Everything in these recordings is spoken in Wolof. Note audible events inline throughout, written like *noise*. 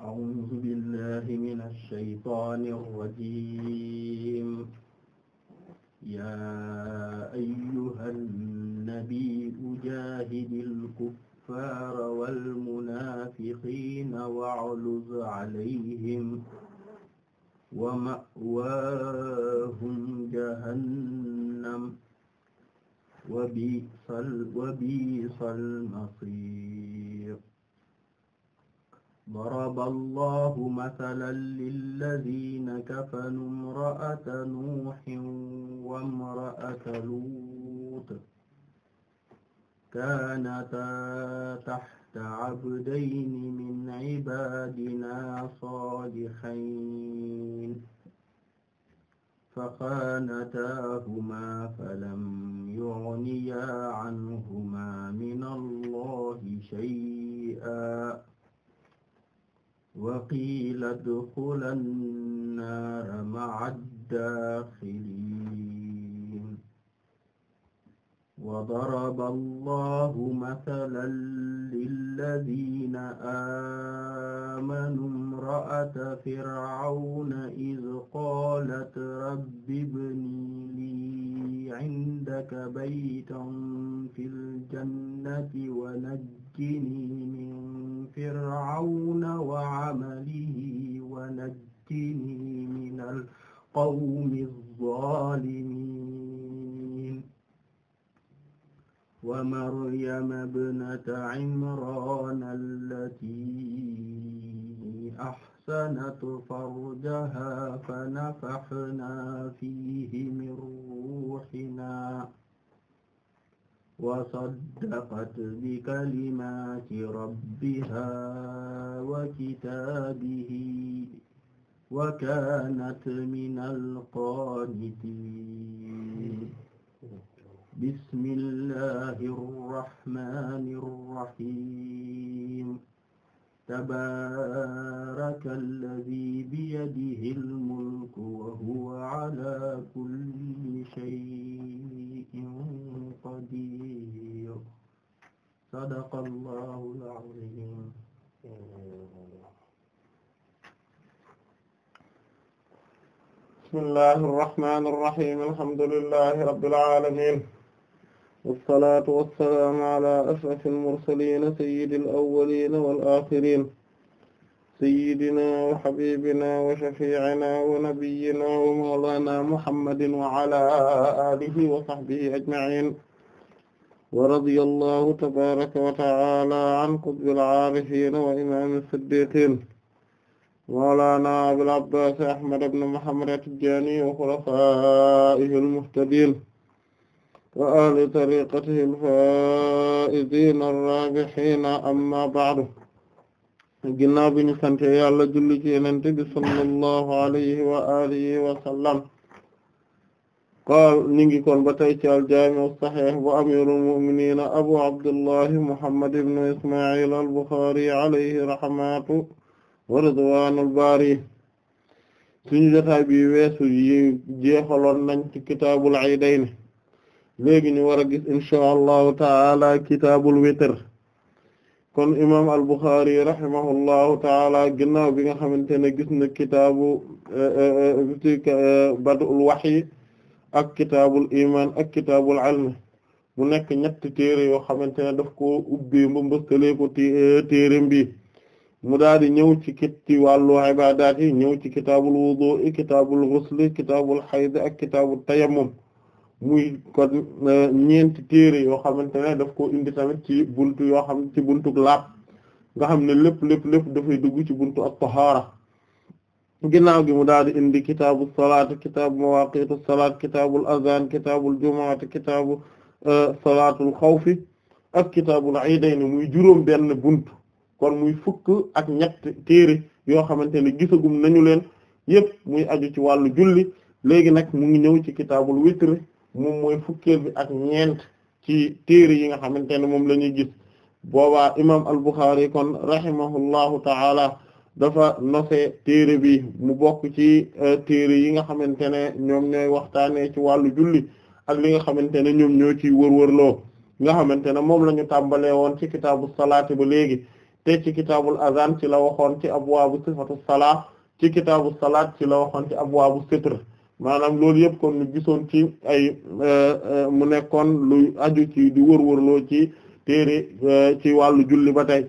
أعوذ بالله من الشيطان الرجيم يا أيها النبي جاهد الكفار والمنافقين واغلظ عليهم ومأواهم جهنم وبئس المصير ضرب الله مثلا للذين كفروا امرأة نوح وامرأة لوط كانتا تحت عبدين من عبادنا صالحين فخانتاهما فلم يغنيا عنهما من الله شيئا وقيل ادخلا النار مع الداخلين وضرب الله مثلا للذين آمنوا امرأة فرعون إذ قالت رب ابن لي عندك بيتا في الجنة ونجني ونجني من فرعون وعمله ونجني من القوم الظالمين ومريم ابنة عمران التي أحسنت فرجها فنفخنا فيه من روحنا وصدقت بكلمات ربها وكتابه وكانت من القانتين بسم الله الرحمن الرحيم tabaaraka allazii biyadihi al-mulku wa huwa alaa kulli shay'in qadiir sadaqa allahu al-aziim. bismillaahi rahmaani rahiim alhamdulillaahi rabbil aalamiin. wasalaatu wasalaamu ala ashrafil mursaliina sayyidil awwaliina wal aaxiriina sayyidinaa wa habiibinaa wa shafii'inaa wa nabiyyinaa wa mawlaanaa muhammadin wa ala aalihi wa sahbihi ajma'iin wa radiyallaahu tabaaraka wa ta'aalaa an qutbil aarifiina wa imaamil siddiqiin mawlaanaa abil abbaas ahmad ibn muhammad at-tijaani wa xulafaa'ihil muhtadiin wa ahli tariqatihi al-faa'iziina ar-raabihiina amma ba'du ginnaaw bi ñu sante yàlla julli ci Yonent bi sallallahu alayhi wa alihi wa sallam qaal ñu ngi kon ba tey ci al-jaami' as-sahiih bu amiirul mu'miniin abu abdullahi muhammad ibn isma'il al-Bukhaari alayhi rahmatu wa ridwaanul baari suñu jotaay bi weesu yi jeexaloon nañ ci kitaabul iidayni léegi ñu war a gis inshaa allahu taala kitaabul witr kon imaam al buxaari rahimahullahu taala ginnaaw bi nga xamante ne gis na kitaabu eh, eh, eh, badul wahyi ak kitaabul iman ak kitaabul ilm mu nekk ñetti téere yoo xamante ne daf ko ubbee ba mbëstalee ko téere bi mu daal di ñëw ci kit ci wàllu ibaadaat yi ñëw ci kitaabul wudu kitaabul ghusl kitaabul hayd ak kitaabul muy kon euh, ñeenti téere yoo xamante ne daf ko indi tamit ci buntu yoo xam ci buntu laab nga xam ne lépp lépp lépp dafay dugg ci buntu at-tahaara ginnaaw gi mu daal di indi kitaabu salaat kitaabu mawaaqiitu salaat kitaabul azaan kitaabul jumaati kitaabu euh, salaatul xawfi ak kitaabul iidayni muy juróom benn bunt kon muy fukk ak ñett téere yoo xamante ne gisagum nañu leen yëpp muy aju ci wàllu julli léegi nag mu ngi ñëw ci kitaabul witr moom mooy fukkeel bi ak ñeent ci téere yi nga xamante ne moom la ñuy gis boobaa imam al-Bukhari kon rahimahullahu ta'ala dafa nose téere bi mu bokk ci euh, téere yi nga xamante ne ñoom ñooy waxtaanee ci wàllu julli ak li nga xamante ne ñoom ñoo wor wërwërloo nga xamante ne moom la ñu tàmbalee woon ci kitaabu salaati ba léegi te ci kitaabul azan ci la waxoon ci abwaabu sifatu salaa ci kitaabu salaat ci la waxoon ci abwaabu sitr maanaam loolu yëpp kon ñu gisoon ci ay euh, euh, mu nekkoon lu aju ci di wërwërloo ci téere euh, ci wàllu julli ba tey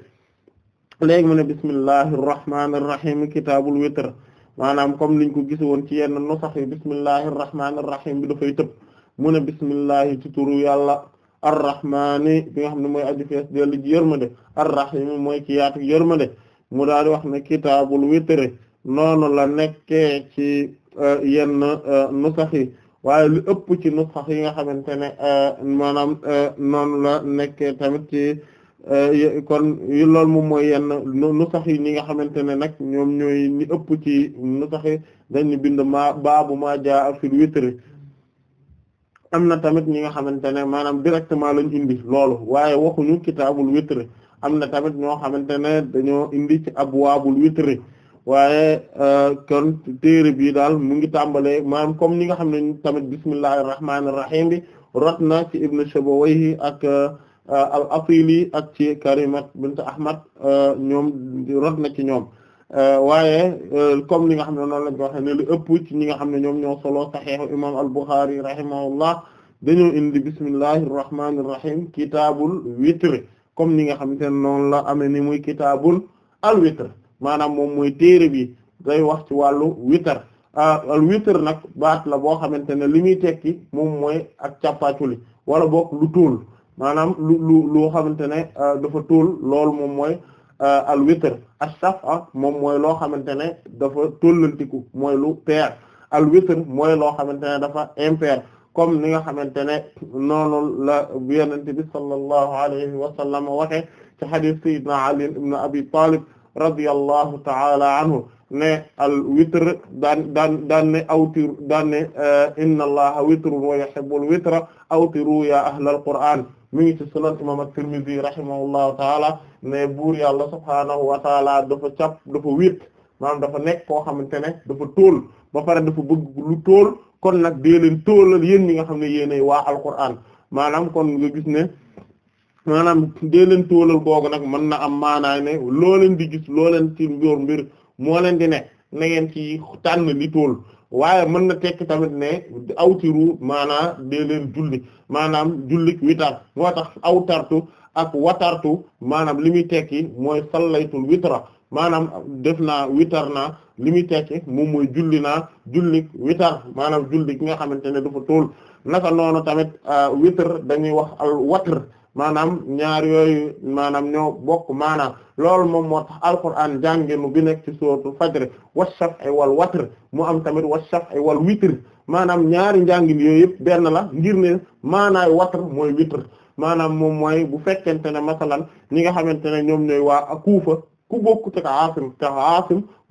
léegi mu ne bismillahi irrahmani irrahim kitaabul witr maanaam comme niñ ko gisoon ci yenn nu sax yi bismillahi irrahmani irrahim bi dafay tëb mu ne bismillahi ci turu yàlla arrahmani bi nga xam ne mooy aju fees dellu ji yërmande arrahim mooy ki yaatu yërmande mu daal wax ne kitaabul witr noonu la nekkee ci Euh, yenn euh, nusax yi waaye lu ëpp ci nusax yi nga xamante ne euh, maanaam noonu la nekk tamit ci kon loolu moom mooy yenn nusax yi ñi nga xamante ne nag ñoom ñooy ñu ëpp ci nusax yi dañu bind maa baabu maa jaa fil am na tamit ñi nga xamante ne maanaam directement lañ indi loolu waaye waxuñu kitaabul witri am na tamit ñoo xamante ne dañoo indi ci abwaabul witri waaye euh, kon téere bi daal mu ngi tàmbalee maam comme ni nga xam ne tamit bismillahir rahmanir rahim bi rot na ci ibn Shabawayhi ak euh, al asili ak ci Karimat bint Ahmad euh, ñoom rot na ci ñoom waaye comme li nga xam ne noonu lañ ko ëpp ci ñi nga xam ne ñoom ñoo solo saxiixu imam al Bukhari rahimahullah dañoo indi bismillahir rahmanir rahim kitaabul witr comme ni nga xamante ne noonu la amee ni muy kitaabul al witr maanaam moom mooy téere bi lay wax ci wàllu witar al ah, witar nag baat la boo xamante ne li muy tekki moom mooy ak càppaaculi wala boog lu tuul maanaam lu lu xamante ne ah, dafa tuul loolu moom mooy ah, al witar as-safa moom mooy loo xamante ne dafa tóllantiku mooy lu pair al witar mooy loo xamante ne dafa impair comme ni nga xamante ne noonu la Yonent bi sallallahu alayhi wa sallam waxe ci hadith sayyidina Ali ibn Abi Talib radiyallahu ta'ala anhu ne al witr daan daan daan ne awtir daan ne eh, inna allaha witrun wa yuhibbul witra awtiru ya ahlal qur'an mi ngi ci sunan imam at-Tirmidhi rahimahullahu ta'ala ne buur yàlla subhaanahu wa ta'ala dafa cap dafa wét maanaam dafa nekk koo xamante ne dafa tóol ba pare dafa bëgg lu tóol kon nag dee leen tóolal yéen ñi nga xam ne yéenay waa al qur'an maanaam kon nga gis ne maanaam dee leen tóolal googu nag mën na am maanaa ne loo leen di gis loo leen ci mbir mbir moo leen di ne na ngeen ci tànn li tóol waaye mën na tekki tamit ne awtiru maanaa dee leen julli maanaam jullik witar moo tax awtartu ak watartu maanaam li muy tekki mooy sallaytul witra maanaam def naa witar naa li muy tekki moom mooy julli naa jullik witar maanaam julli gi nga xamante ne dafa tóol naka noonu tamit euh, witar dañuy wax al watr maanaam ñaar yooyu maanaam ñoo bokk maanaam loolu moom moo tax alquran jànginu bi nekk ci sóoratul fajr wa shaf'i wal watr mu am tamit wa ay wal witr maanaam ñaari njàngin yooyu yëpp benn la ngir ne maanaay watr mooy witr maanaam moom mooy bu fekkente ne matalan ñi nga xamante ne ñoom ñooy waa Kuufa ku bokk te Aasim te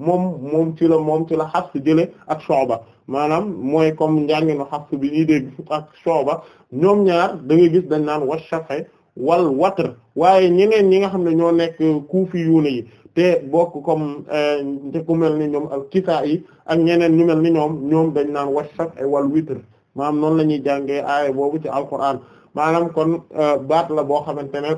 moom moom ci la moom ci la Hafs jële ak sooba maanaam mooy comme njànginu Hafs bi ñuy dégg ak sooba ñoom ñaar da ngay gis dañ naan wa shaf'i wal watr waaye ñeneen ñi nga xam ne ñoo nekk kuufi yuuna yi te bokk comme euh, te ku mel ni ñoom ak kisaa yi ak ñeneen ñu mel ni ñoom ñoom dañ naan washak ay e wal witr maanaam noonu la ñuy jàngee aaya boobu ci alquran maanaam kon euh, baat la boo xamante ne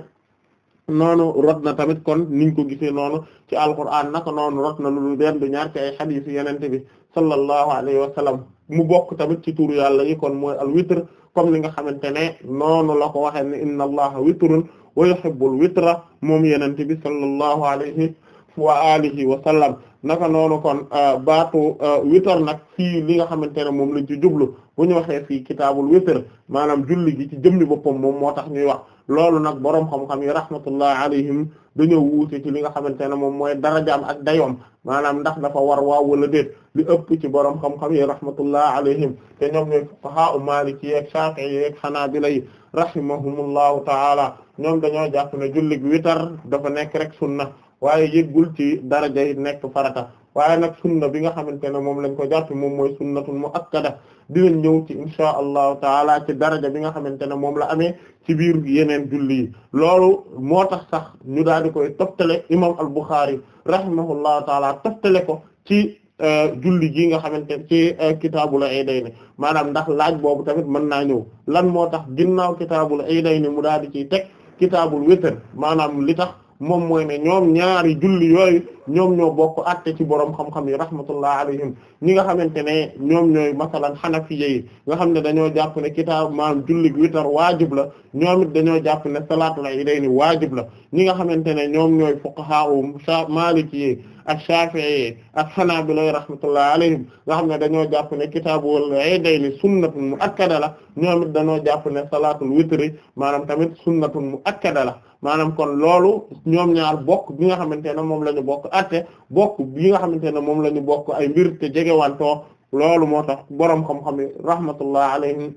noonu rot na tamit kon niñ ko gisee noonu ci alquran naka noonu rot na lu benn du ñaar ci ay xadiis yeneen bi sallallahu alayhi wa sallam mu bokk tamit ci turu yàlla yi kon mooy al witr comme li nga xamante ne noonu la ko waxee ne inna allaha witrun wa yuhibbul witra moom yenente bi sallallahu alayhi wa alihi wa sallam naka noonu kon euh, baatu euh, witar nag fii li nga xamante ne moom lañ ci jublu bu ñu waxee fii kitaabul witar maanaam julli gi ci jëmmi boppam moom moo tax ñuy wax loolu nag boroom xam-xam yi rahmatullah alayhim dañoo wuute ci li nga xamante ne moom mooy darajaam ak dayoom maanaam ndax dafa war waaw wala déet li ëpp ci boroom xam-xam yi rahmatullah alayhim te ñoom ñooy fuqaha u maliki yeeg shafi'i yeeg xanaabila yi rahimahumullahu taala ñoom dañoo jàpp ne julli gi witar dafa nekk rek sunna waaye yëggul ci daraja yi nekk farata waaye nag sunna bi nga xamante ne moom lañ ko jàpp moom mooy sunnatul muakkada dinañ ñëw ci insha allahu taala ci daraja bi nga xamante ne moom la amee ci biir yeneen julli yi loolu moo tax sax ñu daal di koy toftale imam al Bukhari rahimahullahu taala toftale ko ci euh, julli gi nga xamante ci euh, kitaabul iidayni maanaam ndax laaj boobu tamit mën naa ñëw lan moo tax ginnaaw kitaabul iidayni mu daal di ciy teg kitaabul witr maanaam li moom mooy ne ñoom ñaari julli yooyu ñoom ñoo bokk àtte ci borom xam-xam yi rahmatullah alayhim ñi nga xamante ne ñoom ñooy masalan xanafiya yi nga xam ne dañoo jàpp ne kitaab maam julli witar waajib la ñoom dañoo jàpp ne salaatul idayni waajib la ñi nga xamante ne ñoom ñooy fuqahaa maliki yi ak shafi'i ak xanaabila rahmatullah alayhim nga xam ne dañoo jàpp ne kitaabul idayni sunnatun muakkada la ñoom it dañoo jàpp ne salaatul witri maanaam tamit sunnatun muakkada la maanaam kon loolu ñoom ñaar bokk bi nga xamante ne moom la bokk atte bokk bii nga xamante ne moom la ñu bokk ay mbir te jegewantoo loolu moo tax boroom xam-xam yi rahmatullah alayhim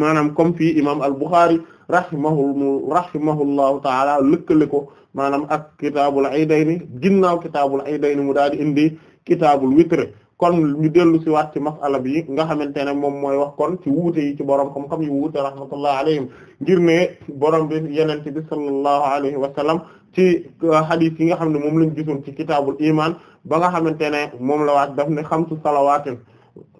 maanaam comme fii imam al-Bukhari rahimahul rahimahullahu taala lëkkale ko maanaam ak kitaabul iidayni ginnaaw kitaabul iidayni mu daal di indi kitaabul witr kon ñu dellu si waat ci masala bi nga xamante ne moom mooy wax kon ci wuute yi ci borom xam-xam yu wuute rahmatullah alayhim ngir ne boroom bi yenente bi sallallahu alayhi wa sallam ci euh, hadith yi nga xam ne moom lañ gisoon ci kitaabul iman ba nga xamante ne moom la waat daf ne xamsu salawaatin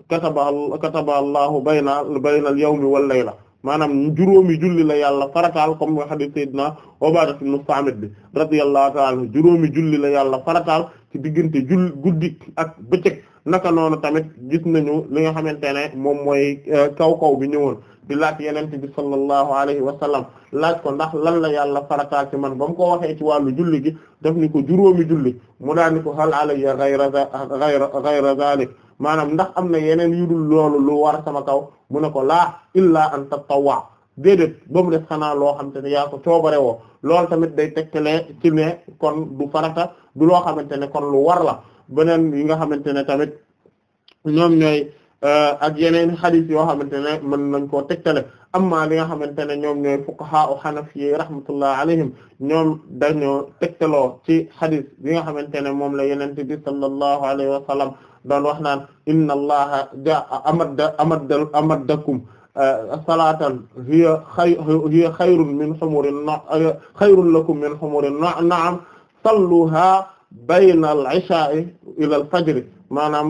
kataba kataba allahu bayna bayna al yawmi wal layla maanaam juróomi julli la yàlla farataal comme nga hadith sayyidina Ubaada ibn Saamit bi radiyallahu ta'ala juróomi julli la yàlla farataal ci diggante jull naka noonu tamit gis nañu li nga xamante ne moom mooy euh, kaw kaw bi ñëwoon di laaj yenente bi sallallahu alayhi wa sallam laaj ko ndax lan la yàlla farataal ci man ba mu ko waxee ci wàllu julli gi daf ni ko juróomi julli mu daa ni ko hal alayya ghayra ghayra ghayra zalik maanaam ndax am na yeneen yi dul loolu lu war sama kaw mu ne ko laa illaa an tatawwa déedéet ba mu def xanaa loo xamante ne yaa ko coobare wo loolu tamit day tegtale ci ne kon du farata du loo xamante ne kon lu war la beneen yi nga xamante ne tamit ñoom ñooy euh, ak yeneen xadis yoo xamante ne mën nañ koo tegtale amma li nga xamante ne ñoom ñooy fuqaha u xanafi rahmatullah alayhim ñoom dañoo tegtaloo ci xadis bi nga xamante ne moom la yenente bi sallallahu alayhi wa sallam doon wax naan inna allaha ja amadda amadda amaddakum euh, salaatan hiya xay hiya xayrun min xumurin na xayrun lakum min xumurin na'am salluha bayna al isha'i ila al fajri maanaam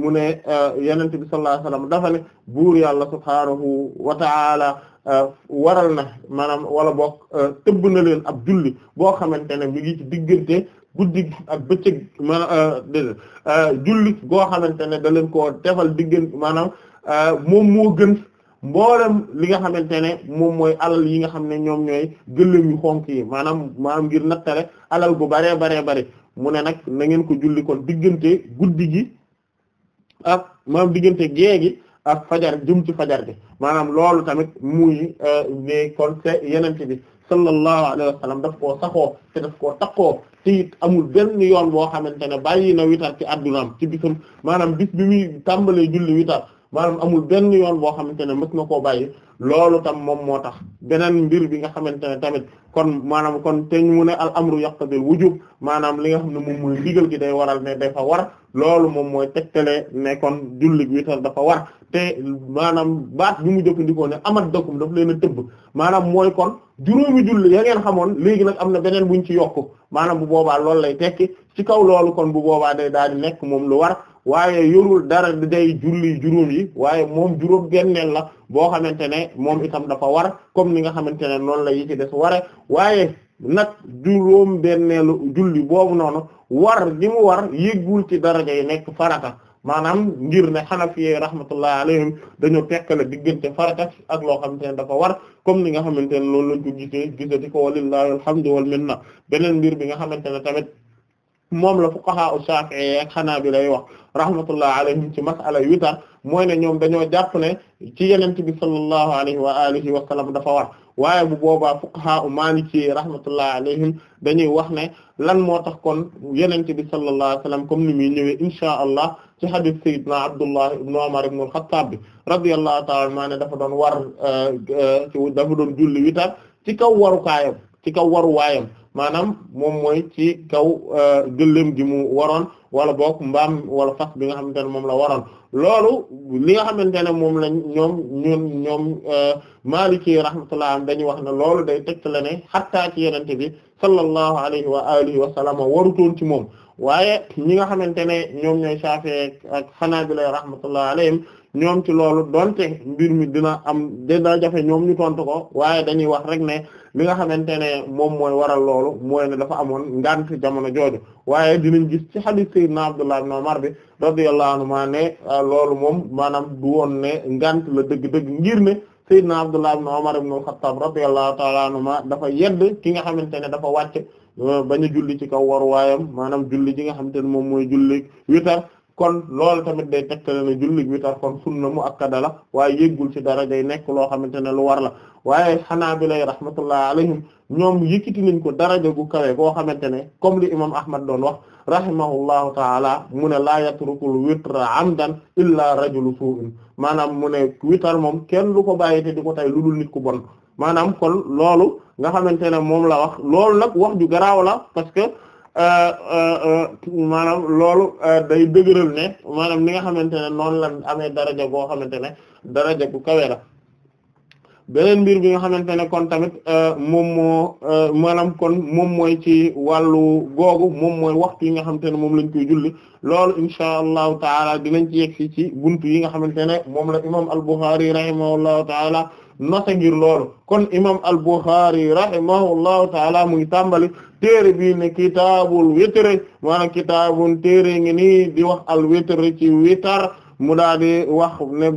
mu ne euh, yenente bi sallallahu alayhi wasallam dafa ne buur yàlla subhaanahu wa euh, waral na maanaam wala boog euh, tëbb na leen ab julli boo xamante ne mi ngi ci diggante guddi ak bëccëg maanaam dé julli goo xamante ne da leen koo defal diggante maanaam moom moo gën mboolem li nga xamante ne moom mooy alal yi nga xam ne ñoom ñooy gëléem yu xonk yi maanaam maanaam ngir nattale alal bu baree baree bari mu ne nag na ngeen ko julli kon diggante guddi gi ak maanaam diggante gée gi ak fajar jëm ci fajar gi maanaam loolu tamit muy euh, ne kon c'est yenente bi sallallahu alayhi wa daf koo saxoo te daf ko takkoo te it amul benn yoon boo xamante ne bàyyi na witar ci addunaam ci bisam maanaam bis bi muy tàmbalee julli witar maanaam amul benn yoon boo xamante ne mës na koo bàyyi loolu tam moom moo tax beneen mbir bi nga xamante ne tamit kon maanaam kon te mu ne al amru yaqtadil wujub maanaam li nga xam ne moom mooy ndigal gi day waral ne dafa war loolu moom mooy tegtale ne kon julli witar dafa war te maanaam baat bi mu jëfandikoo ne amat dëkkum daf leen a maanaam mooy kon juróomi julli ya ngeen xamoon léegi nag am na beneen buñ ci yokk maanaam bu boobaa loolu lay tekki ci kaw loolu kon bu boobaa day daal di nekk moom lu war waaye yorul dara day julli juróom yi waaye moom juróom benneel la boo xamante ne moom itam dafa war comme ni nga xamante ne noonu la yi ci des ware waaye nag juróom benneelu julli boobu noonu war li mu war yëggul ci daraja yi nekk farata maanaam ngir ne xanafi rahmatullah alayhim dañoo tekkale diggante farata ak loo xamante ne dafa war comme ni nga xamante ne loolu lañ ko gisee gisati ko walillahi alhamdu wal minna beneen mbir bi nga xamante ne tamit moom la fuqaha u Shafi'i ak Hanabila lay wax rahmatullah alayhim ci masala witar mooy ne ñoom dañoo jàpp ne ci yenent bi sallallahu alayhi wa alihi wa sallam dafa war waaye bu boobaa fuqaha u ci rahmatullah alayhim dañuy wax ne lan moo tax kon yenent bi sallallahu alayhi wa sallam comme ni muy ñëwee inshaa allah ci hadith sayyidina Abdullah ibn Umar ibn al-Khattab bi radiyallahu ta'ala maa ne dafa doon war euh, euh, dafa doon julli witar ci kaw warukaayam ci kaw waruwaayam maanaam moom mooy ci kaw euh, gëléem gi mu waroon wala boog mbaam wala fas bi nga xamante ne moom la waroon loolu li nga xamante ne moom lañ ñoom ñun ñoom euh, Maliki rahmatullah am dañuy wax na loolu day teg la ne xattaa ci yenente bi sallallahu alayhi wa alihi wa sallam warutoon ci moom waaye ñi nga xamante ne ñoom ñooy Shafi'i ak Hanabila rahmatullah alayhim ñoom ci loolu donte mbir mi dina am dina jafe ñoom ñu tontu ko waaye dañuy wax rek ne li nga xamante ne moom mooy waral loolu mooy ne dafa amoon ngant jamono jooju waaye dinañ gis ci hadith sayyidina Abdullah ibn Umar bi radiyallahu anhuma ne ah, loolu moom maanaam du woon ne ngant la dëgg-dëgg ngir ne sayyidina Abdullah ibn Umar ibn al-Khattab radiyallahu ta'ala anhuma dafa yedd ki nga xamante ne dafa wàcc bañ a julli ci kaw waruwaayam maanaam julli ji nga xamante ne moom mooy julli witar kon loolu tamit day tegtale na julli witar kon sunna mu akkada la waaye yëggul ci dara yi nekk loo xamante ne lu war la waaye xanaabilay rahmatullah alayhim ñoom yëkkati nañ ko daraja gu kawe goo xamante ne comme li imam ahmad doon wax rahimahullahu taala mu ne laa yatrukul witra amdan illa rajulu su'in maanaam mu ne witar moom kenn lu ko bàyyi te di ko tay lu dul nit ku bon maanaam kon loolu nga xamante ne moom la wax loolu nag wax ju garaaw la Euh, euh, euh, maanaam loolu day dëgëral ne maanaam li nga xamante ne noonu la amee daraja boo xamante ne daraja bu kawe la beneen mbir bi nga xamante ne kon tamit moom moo maanaam kon moom mooy ci wàllu googu moom mooy waxtu yi nga xamante ne moom lañ koy julli loolu insha allahu taala dinañ ci yegg yi nga xamante ne moom la imam al-Bukhari taala nota ngir loolu kon imam al-Bukhari rahimahullahu taala mu ngi tàmbali téere bii ne kitaabul witr maanaam kitaabun téere ngi ni di wax al witr ci witar mu daal di wax ne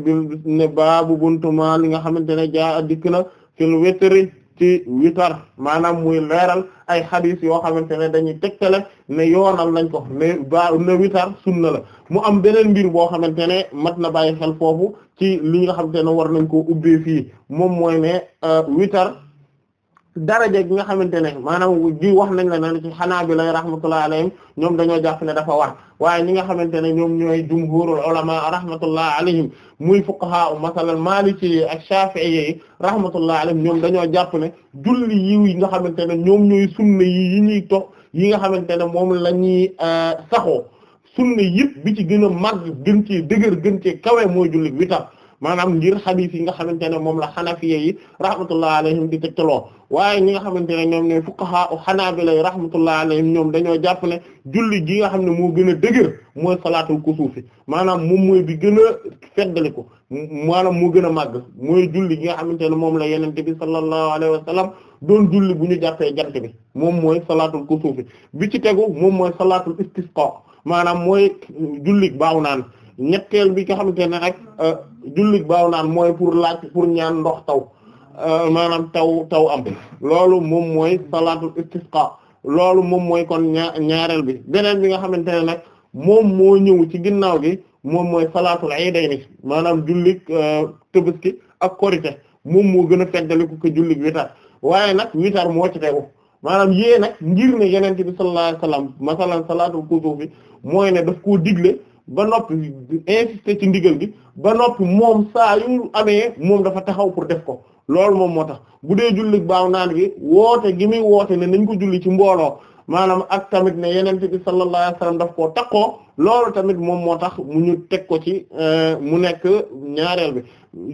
ne baabu buntuma li nga xamante ne jaa a dikk na fil witri ci witar maanaam muy leeral ay xadis yoo xamante ne dañuy tegtale ne yoonal nañ ko ne ba ne witar sunna la mu am beneen mbir boo xamante ne mat na bàyyi xel foofu ci li nga xam te ne war nañ koo ubbee fii moom mooy ne euh, witar daraja gi nga xamante ne maanaam ji wax nañ la ne ci Hanaabila rahmatullahi alayhim ñoom dañoo jàpp ne dafa war waaye ñi nga xamante ne ñoom ñooy jumhuurul ulamaa rahmatullahi alayhim muy fuqahaa masalan Maaliki yi ak Shaafi'i yi rahmatullahi alayhim ñoom dañoo jàpp ne julli yi nga xamante ne ñoom ñooy sunna yi yi ñuy tox yi nga xamante ne moom la ñuy euh, saxoo sunna yëpp bi ci gën mag gën ci dëgër gën ci kawe mooy julli witar maanaam ngir xadiis yi nga xamante ne moom la xanafiya yi rahmatullah alayhim di tegtaloo waaye ñi nga xamante ne ñoom ne fuqaha u xanaabila yi rahmatullah alayhim ñoom dañoo jàpp ne julli gi nga xam ne moo gën a dëgër mooy salaatul kusuufi maanaam moom mooy bi gën a feddali ko maanaam moo gën a màgg mooy julli gi nga xamante ne moom la yenente bi sallallahu alayhi wa sallam doon julli bu ñu jàppee jant bi moom mooy salaatul kusuufi bi ci tegu moom mooy salaatul istisqa maanaam mooy julli baaw naan ñetteel bi nga xamante ne rek euh, jullit baaw naan mooy pour laaj pour ñaan ndox taw euh, maanaam taw taw am loolu moom mooy salaatul istisqa loolu moom mooy kon ñaa ñaareel bi beneen bi nga xamante ne nag moom moo ñëw ci ginnaaw gi moom mooy salaatul iidayni maanaam jullit euh, ki ak korite moom moo gën a feddaliku ko jullit witar waaye nag witar moo ci tegu maanaam yée nag ngir ne yeneen bi sallallahu alayhi wasallam masalan salaatul kusufi mooy ne daf koo digle ba noppi insister ci ndigal gi ba noppi moom saa yu amee moom dafa taxaw pour def ko loolu moom moo tax bu dee julli baaw naan gi woote gi muy woote ne nañ ko julli ci mbooloo maanaam ak tamit ne yenente bi sallallahu alayhi wasallam daf koo takkoo loolu tamit moom moo tax mu ñu teg ko ci euh, mu nekk ñaareel bi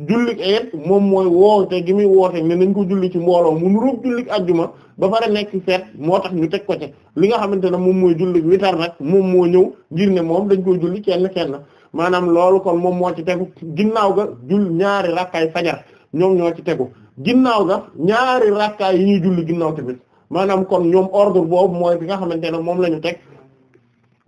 jullik ayet moom mooy woote gi muy woote ne nañ ko julli ci mbooloo mu nuróog jullik ajjuma ba pare nekk feet moo tax ñu teg ko ci li nga xamante ne moom mooy julli witar nag moom moo ñëw ngir ne moom dañ koy julli kenn kenn maanaam loolu kon moom moo ci tegu ginnaaw ga jul ñaari rakkaay fajar ñoom ñoo ci tegu ginnaaw ga ñaari rakkaay yi ñuy julli ginnaaw tamit maanaam kon ñoom ordre boobu mooy bi nga xamante ne moom la ñu teg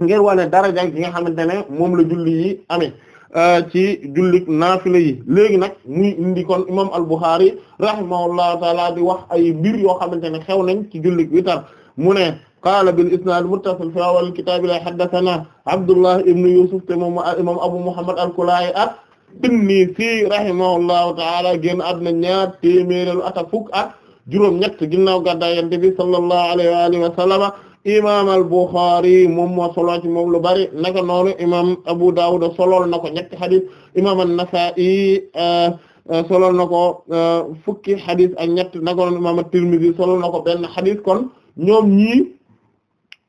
ngir wane daraja gi nga xamante ne moom la julli yi amee euh, ci julli naafila yi léegi nag muy indi kon imam al-Bukhari rahimahullahu taala di wax ay mbir yo xamante ne xew nañ ci julli witar mu ne qaala bil isnaad muttasil fi awal kitaab la haddathana Abdullah ibn Yusuf te moom imam Abu Muhammad al-Kulaa'i at-Tinnisi rahimahullahu taala génn àdduna ñaar téeméer ak fukk at juróom ñett ginnaaw gàddaay yonent bi sallallahu alayhi wa alihi wa sallama imam al-Bukhari moom moo solo ci moom lu bari naka noonu imam Abu Dawud solool na ko ñetti xadis imam an-Nasa'i euh, euh, solool na ko euh, fukki xadis ak ñett nako noonu imam at-Tirmidhi solool na ko benn kon ñoom ñii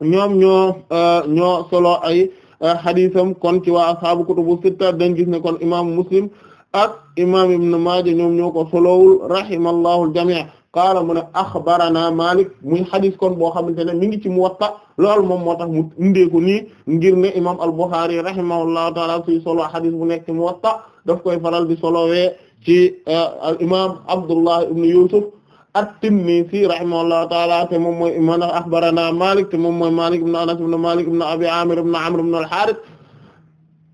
ñoom ñoo solo ay xadisam kon ci waa ashaabu kutubu sitta dañ gis ne kon imam Muslim ak imam Ibn Maaja ñoom ñoo ko solowul rahimallahu al qaala mu ne axbarana Malik muy xadis kon boo xamante ne mi ngi ci Muwatta loolu moom moo tax mu indee ko nii ngir ne imam al-Bukhari rahimahullahu taala suy solo xadis bu nekk ci Muwatta daf koy faral di solowee ci uh, al imam Abdullah ibn Yusuf at-Tinnisi rahimahullahu taala te moom mooy man axbarana Malik te moom mooy Malik ibn Anas ibn Malik ibn Abi Amir ibn Amr ibn al-Harith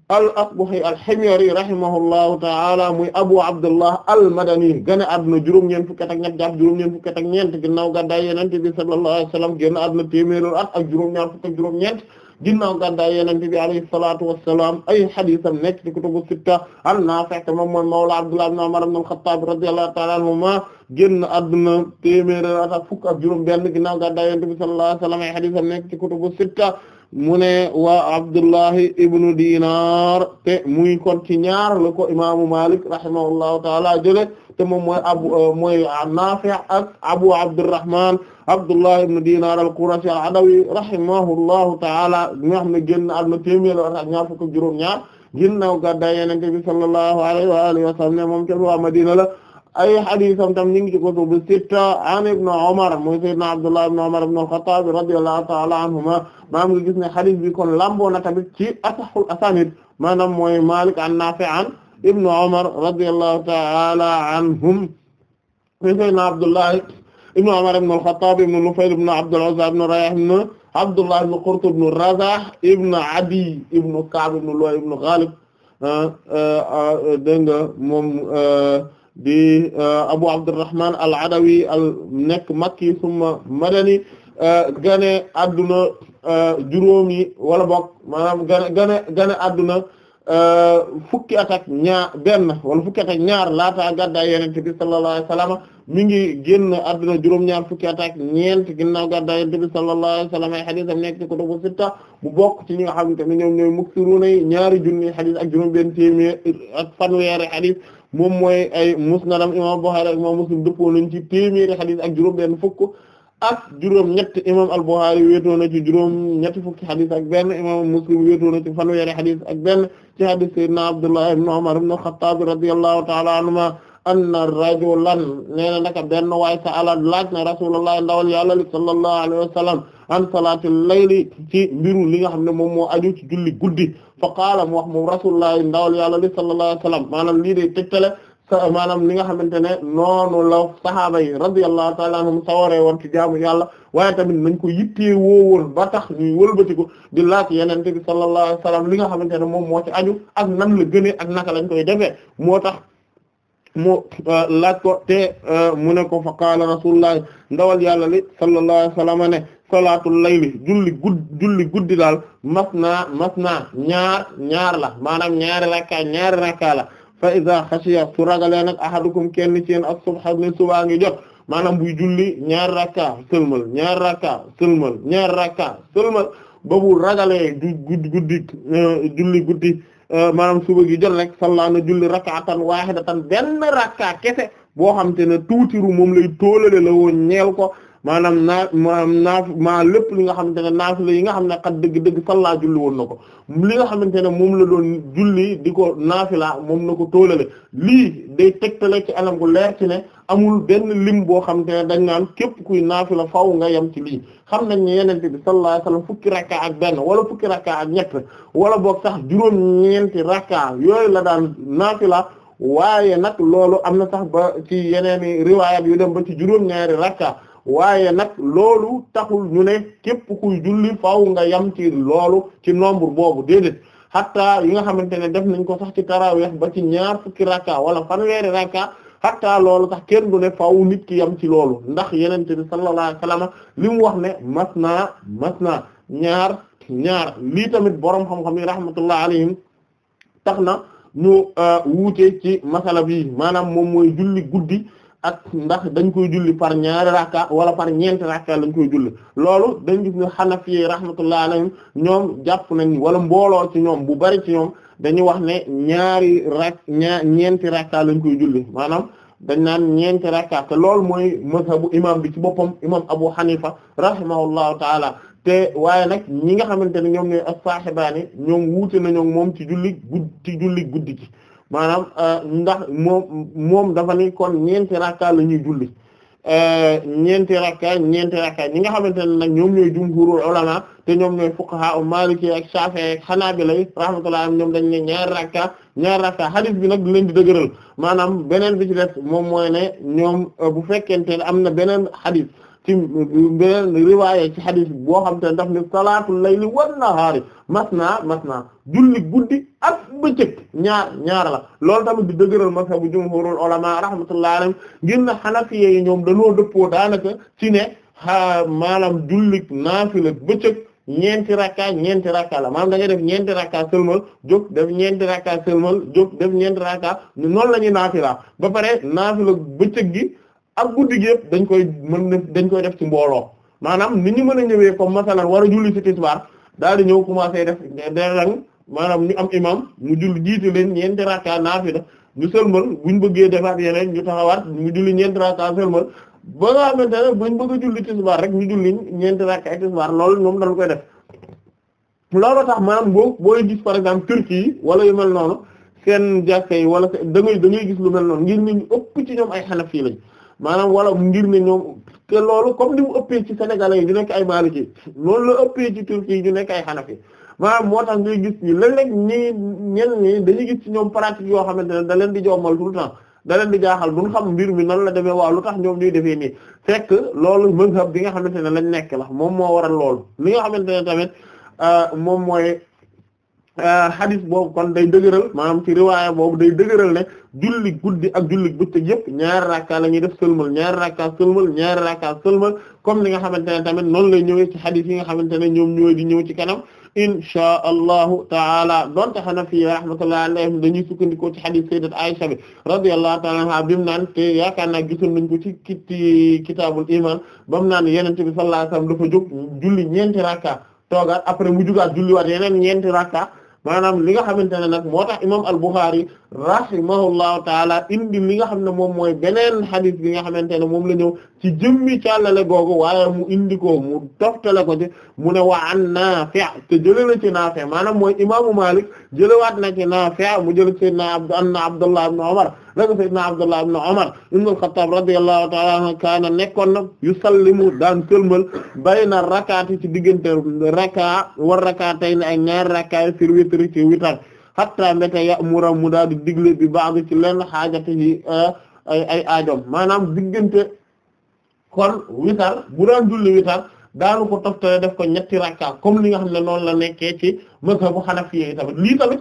al asbahi al himyari rahimahullahu ta'ala muy abu abdullah al madani gane àdduna juróom-ñeent fukki ak ñett jàpp juróom-ñeent fukki at ak ñeent ginnaaw gàddaay yonent bi sallallahu alayhi wa sallam génn àdduna téeméeri at ak juróom-ñaar fukk ak juróom-ñeent ginnaaw gàddaay yonent bi alayhi salaatu wassalaam ay hadiisam nekk ci kutubu sitta an Naafi' te moom mooy mawla abdullah ibn umar ibn al-khattab radiyallahu ta'ala ginnaaw gàddaay yonent bi ay hadiisam nekk ci kutubu sitta mu ne waa Abdullahi ibnu Dinar te muy kon ci ñaar la ko imaamu Malik rahimahullahu taala jële te moom mooy abu mooy Nafi' ak Abu Abdurrahman Abdullahi ibnu Dinar al-Qurashi al-Adawi rahimahullahu taala mi nga xam ne génn àdduna téeméer ak ñaar fukk juróom-ñaar ginnaaw gàddaay Yonent bi sallallahu alayhi wa alihi wa sallam moom kenn waa Madina la ay hadiisam tam ñu ngi ci kutubu sitta an ibn Umar mooy sayyidina Abdullah ibn Umar ibn al-Khattab radiyallahu ta'ala anhuma maam nga gis ne hadiis bi kon lamboo na tamit ci asahul asanid maanaam mooy Maalik an Naafi' an ibn Umar radiyallahu ta'ala anhum mooy sayyidina Abdullah ibn Umar ibn al-Khattab ibn Nufayl ibn Abdul Uzza ibn Rayah ibn Abdullah ibn Qurt ibn Razah ibn Adi ibn Ka'b ibn Lu'ay ibn Ghalib ah, ah, ah, dégg nga moom di eh, Abu Abdurrahman al-Adawi al nekk Makki summa madani eh, gane adduna eh, juróomi wala bokk maanaam gane gane gane adduna fukki at ak ñaar benn wala fukki at ak ñaar laata gàddaay Yonent bi sallallahu alayhi wa sallam mi ngi génn adduna juróom-ñaar fukki at ñeen ñeent ginnaaw gàddaay Yonent bi sallallahu alayhi wa sallam ay xadis am nekk ci kutubu sitta mu bokk ci ñi nga xamante ne ñoom ñooy muksiruuna ñaari junni xadis ak juróom-benn téeméer ak fanweeri xadis moom mooy ay musnadam imam Bukhari ak imam Muslim dëppoo ci téeméeri xadis ak juróom ben fukk ak juróom-ñett imam al-Bukhari wéetoo na ci juróom-ñetti fukki xadis ak benn imam Muslim wéetoo na ci fanweeri xadis ak benn ci xadis Sayyidina Abdullah ibn Umar ibn Khattab radiyallahu ta'ala anhuma anna rajulan nee na naka benn waay sa ala laaj na rasulullah ndawal yàlla li sallallahu alayhi wa sallam an salaatil layli ci mbiru li nga xam ne moom moo aju ci julli guddi fa qaala mu wax moom rasulullah ndawal yàlla li sallallahu alayhi wa sallam maanaam lii de tegtale sa maanaam li nga xamante ne noonu la sahaaba yi radiyallahu ta'ala anhum sawaree woon ci jaamu yàlla waaye tamit nañ ko yittee woowoon ba tax ñuy wëlbati ko di laaj yenente bi sallallahu alayhi wa sallam li nga xamante ne moom moo ci aju ak nan la gënee ak naka lañ koy defee mu euh, laaj ko te euh, mu ne ko fa qaala rasulullah ndawal yàlla li sallallahu alayhi wa sallam ne salaatul layli julli gudd guddi daal mas naa mas naa ñaar ñaar la maanaam ñaari rakka ñaari rakka la fa iza xashiya su ragalee nag ahadukum kenn ci yéen as-subha ne jot maanaam buy julli ñaar rakka sëlmal ñaar rakka sëlmal ñaar rakka sëlmal ba bu ragalee euh, julli guddi Euh, maanaam suba gi jot rek salla na julli rak'atan wahidatan benn rakka kese boo xam te ne tuutiru moom lay toolale la won ñeel ko maanaam naa maanaam naaf maa lépp li nga xamante ne naafila yi nga xam ne kat dëgg-dëgg sallaa julli woon na ko li nga xamante ne moom la doon julli di ko naafila moom na ko toolale lii day tegtale ci anam gu leer ci ne amul benn lim boo xam te ne dañ naan képp kuy naafila faaw nga yem ci lii xam nañ ne yenente bi sallallahu alayhi wasallam fukki rakka ak benn wala fukki rakka ak ñekk wala boog sax juróom-ñeenti rakka yooyu la daan naafila waaye nag loolu am na sax ba ci yeneeni riwaayat yu dem ba ci juróom-ñaari rakka waaye nag loolu taxul ñu ne képp kuy julli faaw nga yem ci loolu ci nombre boobu déedéet hatta yi nga xamante ne def nañ ko sax ci tarawih ba ci ñaar fukki rakka wala fanweeri rakka xatta loolu tax kenn du ne faaw nit ki yam ci loolu ndax yenente bi sallallahu alayhi wasallam li mu wax ne mas naa mas naa ñaar ñaar lii tamit boroom xam-xam yi rahmatullah alayhim tax na ñu euh, wuute ci masala bi maanaam moom mooy julli guddi ak ndax dañ koy julli par ñaari rakka wala par ñeenti rakka lañ koy julli loolu dañ gis ne xanaf yi rahmatullah alayhim ñoom jàpp nañ wala mbooloo ci ñoom bu bari ci ñoom dañuy wax ne ñaari rak ñaar ñeenti rakka lañ koy julli maanaam dañ naan ñeenti rakka te lool mooy mazhabu imam bi ci boppam imam Abu Hanifa rahimahullahu taala te waaye nag ñi nga xamante ne ñoom ñooy as-saahibaani ñoom wuute nañoo moom ci julli gud ci julli guddi gi maanaam euh, ndax moom moom dafa ni kon ñeenti rakka la ñuy julli euh, ñeenti rakka ñeenti rakka ñi nga xamante ne nag ñoom ñooy jumhurul ñoom ñooy fuqaha u maliki ak shafi'i ak ñoom dañ ne ñaari rakka ñaari rakka hadith bi nag leen di dëgëral maanaam beneen bi ci def moom mooy ne ñoom euh, bu fekkente ne am na beneen hadith ci benn riwaaya ci xadis boo xam te ne daf ni salaatul layli wan nahaari masna masna julli guddi ak bëccëg ñaar ñaar la loolu tamit di dëgëral mazhabu jumhurul ulama rahmatullahi alayhim ngir na xanafiye yi ñoom dañoo dëppoo daanaka ci ne maanaam julli naafila bëccëg ñeenti rakka ñeenti rakka la maanaam da ngay def ñeenti rakka sëlmal jóg def ñeenti rakka sëlmal jóg def ñeenti rakka noonu la ñuy naafila ba pare naafila bëccëg ak guddi gi dañ koy mën dañ koy def ci mbooloo maanaam ni ñu mën a ñëwee comme masalan war a julli ci tisbaar daal di ñëw commencé def derang maanaam ñu am imam ñu julli jiitu leen ñeenti rakka naafila ñu sëlmal buñ bëggee defaat yeneen ñu taxawaat mu julli ñeenti rakka sëlmal ba nga xamante ne buñ bëgg a julli tisbaar rek ñu julli ñeenti rakka ak lool loolu moom dañ koy def loolu tax maanaam boo booy gis par exemple Turquie yi wala yu mel noonu seen jàkka yi wala da ngay gis lu mel noonu ngir ñu ëpp ci ñoom ay Hanafi lañ maanaam wala ngir ne ñoom te loolu comme ni mu ëppee ci sénégalais yi ñu nekk ay maliki loolu la ëppee ci turki yi ñu nekk ay xanafi maanaam moo tax ngay gis ñi léeg-léeg ñii ñen ñi dañuy gis ci ñoom pratique yoo xamante ne da leen di jommal tout le temps da leen di jaaxal duñ xam mbir mi nan la demee waaw lu tax ñoom ñuy defee nii fekk loolu mazhab bi nga xamante ne lañ nekk la moom moo waral loolu li nga xamante ne tamit euh, moom mooy xadis euh, boobu kon day dëgëral maanaam ci riwaaya boobu day dëgëral ne julli guddi ak julli bëccëg yëpp ñaari ka la ñuy def sëlmal ñaari rakka sëlmal ñaari rakka sëlmal comme ni nga xamante ne tamit noonu lay ñëwee ci xadis yi nga xamante ne ñoom ñooy di ñëw ci kanam inchaa allahu taala donte Hanafi rahmatullah alayhim dañuy sukkandikoo ci xadis sayyidat Aisha bi radiyallahu taala anha bi mu naan te yaakaar naa gisoon nañ ko ci kitti kitaabul iman ba mu naan yenente bi sallallahu alayhi wasallam dafa jóg julli ñeenti rakka toogaat après mu jugaat julli waat yeneen ñeenti rakka maanaam li nga xamante ne nag moo tax imam al-Bukhari rahimahullahu taala indi li nga xam ne moom mooy beneen xadis bi nga xamante ne moom la ñëw ci jëmmi càllale googu waaye mu indi ko mu toftale ko ci mu ne wa an Naafi' te jële na ci Naafi' maanaam mooy imaamu Maalik jëlewaat na ci Naafi' mu jële ci na anna Abdullah ibn Umar naka sayyidna Abdullah ibn Umar ibn al-Khattab radiyallahu nekkoon na yusallimu daan sëlmal bayna rakaati ci diggante raka war rakaatayni ay ñaari rakaay fir witri hatta mbéte ya'mura mu daal di digle bi baax ci lenn xaajate eh, ay ay aajom maanaam diggante kon witar bu daan julli witar daanu ko toftale def ko ñetti rakka comme li nga xam ne noonu la nekkee ci mazhabu hanafiyya yi tamit lii tamit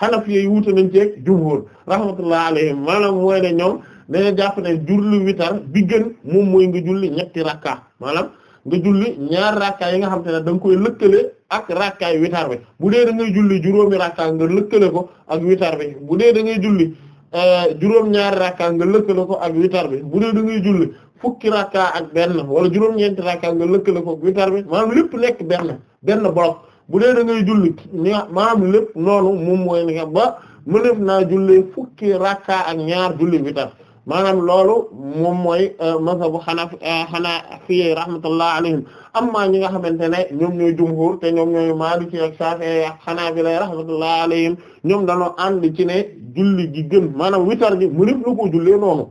hanafiyya yi wuute nañ ci jumhur rahmatullah alayhim maanaam mooy ne ñoom dañu jàpp ne julli witar bi gën moom mooy nga julli ñetti rakka maanaam nga julli ñaar rakka yi nga xam te ne da koy lëkkale ak rakkaay witar bi bu dee da ngay julli juróomi rakka nga lëkkale ko ak witar bi bu dee da ngay julli euh, juróom ñaari rakka nga ko ak witar bi bu dee da ngay julli fukki rakka ak benn wala juróom-ñeenti rakka nga lëkkale ko ak witar bi maanaam lépp nekk benn benn bloc bu dee da ngay julli ña maanaam lépp noonu moom mooy ne ba mëneef naa julli fukki rakka ak ñaar julli witar maanaam loolu moom mooy euh, mazhabu xanaf xanafi euh, rahmatullah alayhim amma ñi nga xamante ne ñoom ñooy jumhur te ñoom ñooy maliki ak shafi'i ak xanaabila rahmatullah alayhim ñoom dañoo ànd ci ne julli gi gën maanaam witar gi mu lépp lu ko jullee noonu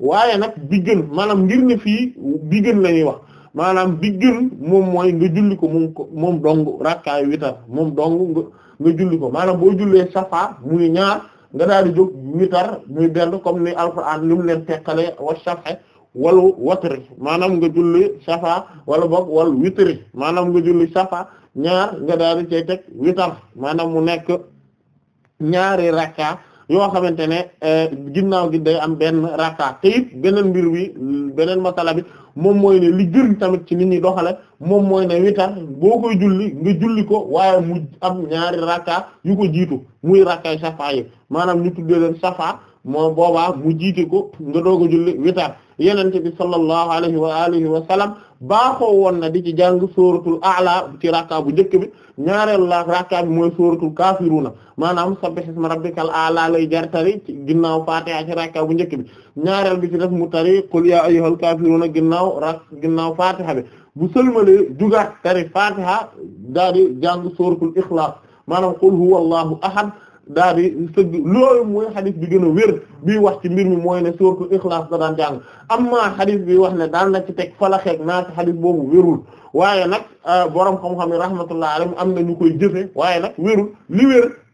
waaye nag bi gën maanaam ngir ne fii bi gën la ñuy wax maanaam bi moom mooy nga julli ko moom ko moom dong rakkaayu witar moom dong nga julli ko maanaam boo jullee safa muy ñaar nga daal di jóg witar mu dellu comme ni alquran li mu leen teqale wa shaf'i wal watri maanaam nga julli shafa wala boog wal witri maanaam nga julli shafa ñaar nga daal di cay teg witar maanaam mu nekk ñaari rakka yoo xamante ne eh, ginnaaw gi day am benn rakka te beneen mbir wi beneen masala bi moom mooy ne li gën tamit ci nit ñi doxale moom mooy ne witar boo koy julli nga julli ko waaye mu am ñaari rakka yu ko jiitu muy rakkay safa yi maanaam ñu tuddee safa moo boobaa mu jiite ko nga doog a julli witar yeneen bi sallallahu alayhi wa alihi wa baaxoo woon na di ci jàng sóoratul a'la ci rakka bu njëkk bi ñaareel la rakka bi mooy sóoratul kaafiruuna maanaam sabbih isma rabbikal a'la lay jartari ci ginnaaw fatiha ci rakka bu njëkk bi ñaareel bi ci def mu tari qul ya ayyuhal kaafiruuna ginnaaw rak ginnaaw fatiha bi bu sëlmalee jugaat tari fatiha daal di jàng sóoratul ixlaas maanaam qul huwallahu ahad daa di sëgg loolu mooy xadis bi gën a wér bii wax ci mbir mi mooy ne sourate Ikhlas da daan jàng amma xadis bi wax ne daan na ci teg fala naa ci xadis boobu wérul waaye nag euh, boroom xam-xam yi rahmatullah alayhim am na ñu koy jëfe waaye nag wérul li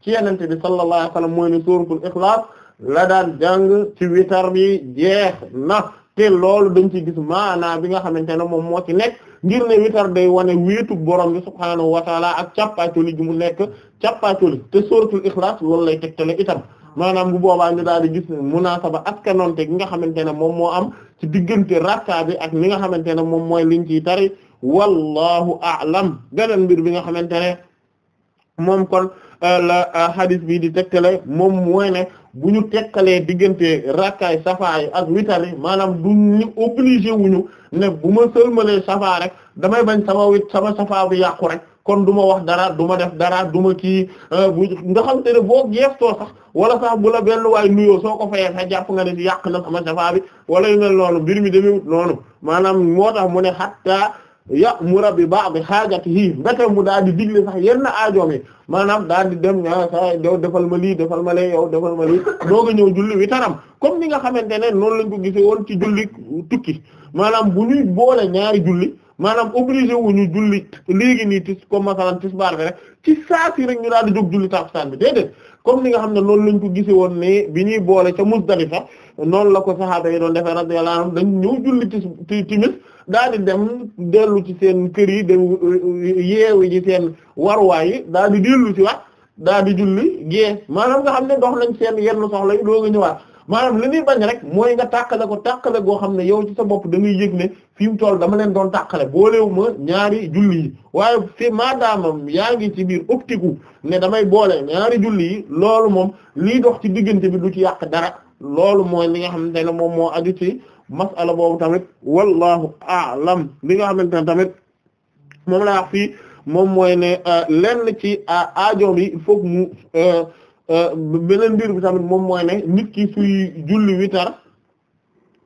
ci yenente bi sallallahu alayhi wasallam mooy ne sourate Ikhlas la daan jàng ci witar bi jeex na te loolu dañ ci gis maanaa bi nga xamante ne moom moo ci nekk ngir ne witar day wane wéetu borom bi subhaanahu wa taala ak càppaacoli gi mu nekk càppaacoli te sóoratul ixlaas loolu lay tegtale itam maanaam bu boobaa ñu daal di gis munaasaba askanoonte gi nga xamante ne moom moo am ci diggante rakka bi ak li nga xamante ne moom mooy liñ ciy tari wallahu a'lam beneen mbir bi nga xamante ne moom kon euh, la euh, hadith bi di tegtale moom mooy ne bu ñu tekkalee diggante rakkaay safa yi ak witari maanaam du ñu obligé wuñu ne bu ma sëlmalee safa rek damay bañ sama wit sama safa bi yàqu rek kon du ma wax dara du ma def dara duma ma kii euh, bu nga xam te ne boo geestoo sax wala sax bu la benn waay nuyoo soo sax jàpp nga ne si yàq na sama safaa bi wala yu mel noonu mbir mi demewut noonu maanaam moo tax mu ne xatta ya mura bi baax bi xaajat yii mbéte mu daal di digle sax yenn aajoom yi maanaam daal di dem ah saa yow defal ma lii defal ma lee yow defal ma lii doog ñëw julli wi taram comme ni nga xamante ne noonu lañ ko gisee woon ci julli tukki maanaam bu boole ñaari julli maanaam obligé wu ñu julli léegi nii tis comme masalan tisbaar bi rek ci saa si rek daal di jóg julli takusaan bi déedéet comme ni nga xam ne noonu lañ ko gisee woon ne bi ñuy boole ca Muzdalifa noonu la ko saxaaba yi doon defee radiyallahu anhum dañ ñëw julli tis timis daal di dem dellu ci seen kër yi dem euh, yeewi ji teen waruwaay yi daal di dellu ci wax daal di julli gée maanaam nga xam ne dox lañ seen yenn soxla yi doo nga ñëwaat maanaam li ñuy bañ rek mooy nga tàqale ko tàqale goo xam ne yow ci sa bopp da ngay yëg ne fi mu toll dama leen doon tàqale boolewu ma ñaari julli yi waaye fi maadaamam yaa ngi ci biir optique ne damay boole ñaari julli yi loolu moom lii dox ci diggante bi du ci yàq dara loolu mooy li nga xamante ne moom moo aju ci masala boobu tamit wallahu a'lam li nga xamante ne tamit moom laa wax fii moom mooy ne euh, lenn ci euh, aajo bi il faut mu euh, beneen mbir bi tamit moom mooy ne nit ki suy julli witar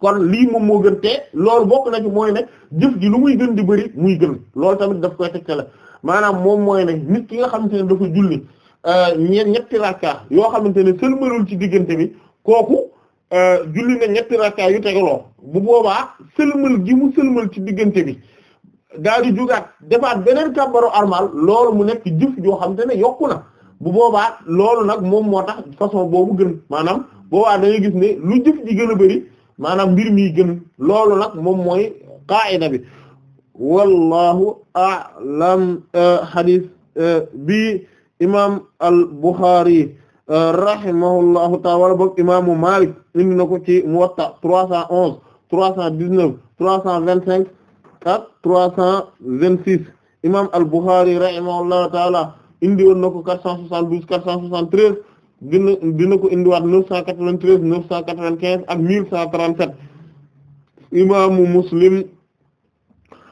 kon lii moom moo gën te loolu bokk nañu mooy ne jëf ji lu muy gën di bëri muy gën loolu tamit daf koy la maanaam moom mooy ne nit ki nga xamante ne dafa julli euh, ñeent ñetti rakka yoo xamante ne sëlmalul ci diggante bi kooku euh, julli na ñetti rakka yu tegaloo bu boobaa sëlmal gi mu sëlmal ci diggante bi daal di jugaat defaat beneen kàbbaru armal loolu mu nekk jëf joo xamante ne yokku na bu boobaa loolu nag moom moo tax façon boobu gën maanaam boobaa da gis ne lu jëf ji gën a bëri maanaam mbir mi gën loolu nag moom mooy qaa'ida bi wallahu a'lam euh, hadith euh, bi imam al-Bukhari euh, rahimahullahu ta'ala wala boog imaamu Malik indi na ko ci Muwatta 311 319 325 ak 326 imam al-Bukhari rahimahullahu ta'ala indi woon na ko 472 473 dina dina ko indiwaat 993 995 ak 1137 imaamu muslim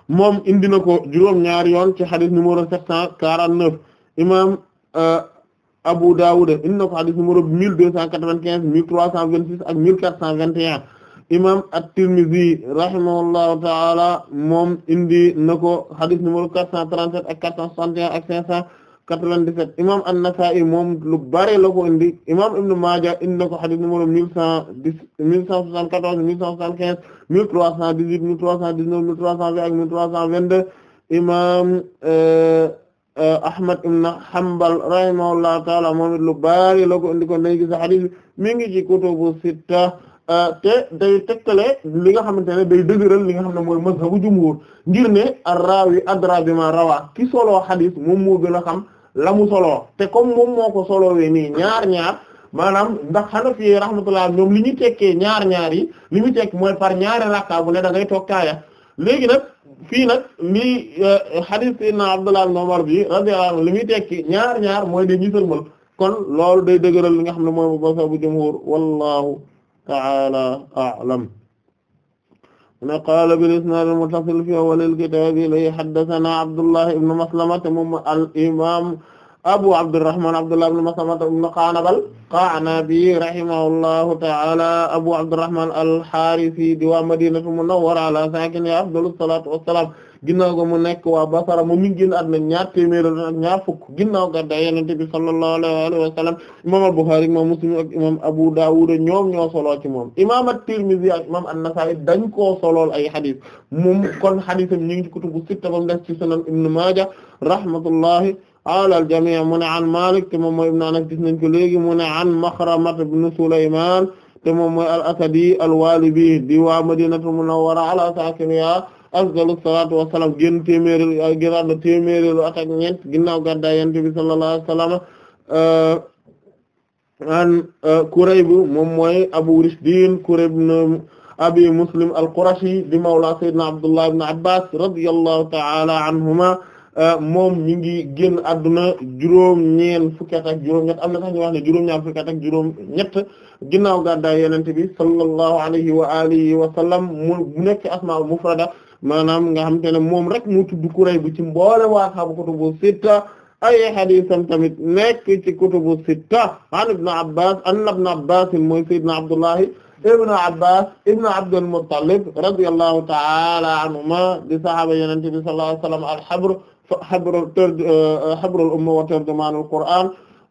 moom indi na ko juróom-ñaari yoon ci xadis numéro 749 imaam euh, Abu Dawud indi na ko xadis numéro 1295 1326 ak 1421 imaam at-Tirmidhi rahimahullahu ta'ala moom indi na ko xadis numéro 437 ak 461 ak 500. 97 imam an-Nasa'i moom lu bare la ko indi imam Ibn Maaja indi na ko xadis numéro 1110 1174 1175 1318 1319 1320 ak 1322 imam euh, euh, Ahmad ibn Hanbal rahimahullahu taala moom lu bare la ko indi ko nañ gis xadis bi mi ngi ci kutubu euh, te day li nga xamante ne day dëgëral li nga xam ne mooy jumhur ngir ne ar-rawi adra bima rawa ki solo xadis moom moo a la mu soloo te comme moom moo ko solowee nii ñaar ñaar maanaam ndax Hanafi rahmatullah ñoom li ñu tekkee ñaar ñaar yi li mu tekk mooy par ñaari rakka bu ne da ngay toog taaya léegi nag fii nag lii euh, hadith sayyidina Abdullah ibn Umar bi radiyallahu anhu li muy tekki ñaar ñaar mooy dañuy sëlmal kon loolu day dëgërël li nga xam ne mooy bu jumhur wallahu ta'ala a'lam na qaala bil-isnaad al-muttasil fii awwalil kitaab ilayhi haddasanaa Abdullah ibn Maslama moom al-imaam Abu Abdurrahman Abdullah ibn Maslama ibn Qa'nab al-Qa'nabi rahimahullahu ta'aala Abu Abdurrahman al-Haarisi di waa Madiinatul Munawwara ala saakinihaa afdalu salaatu wa salaam ginnaaw ga mu nekk waa Basra moom mi ngi génn àdduna bi sallallahu alayhi wa sallam imaam al-Bukhari imaam Muslim ak imaam Abu Dawud ñoom ñoo solo ci moom imaam at-Tirmidhi ak imaam an-Nasa'i dañ koo solool ay xadis moom kon xadisam ñu ngi ci kutubu sitta bam des ci Sunan Ibn Maaja rahmatullahi ala al-jamii' mu ne an Maalik te moom mooy ibn Anas gis nañ ko léegi mu ne an Makhramat ibn Sulaymaan te moom mooy al-Asadi al-Waalibi di waa Madinatul Munawwara ala saakinihaa afdalu salaatu wa salaam génn téeméeri gënaat na téeméeri at ak ñeent ginnaaw bi sallallahu euh, an euh, Kurayb moom mooy Abu Rishdin Kurayb ibn Abi Muslim al-Qurashi di mawla Sayyidina Abdullah ibn Abbas radiyallahu ta'ala anhuma euh, moom mi ngi génn àdduna juróom-ñeent fukki at ak juróom-ñett am na sax ñu wax ne juróom-ñaar fukki bi sallallahu alayhi wa alihi mufrada maanaam nga xam te ne moom rek mu tudd Kurayb ci mboole waa xabu kutubu sitta ay xadiisam tamit nekk ci kutubu sitta an ibn Abbas an ibn Abbas mooy sayyidina Abdullahi ibn Abbas ibn Abdul Muttalib radiyallahu ta'ala anhuma di sahaaba Yonent bi sallallahu alayhi wa sallam al-habr habru euh, habrul umma wa tarjumaanul Qur'aan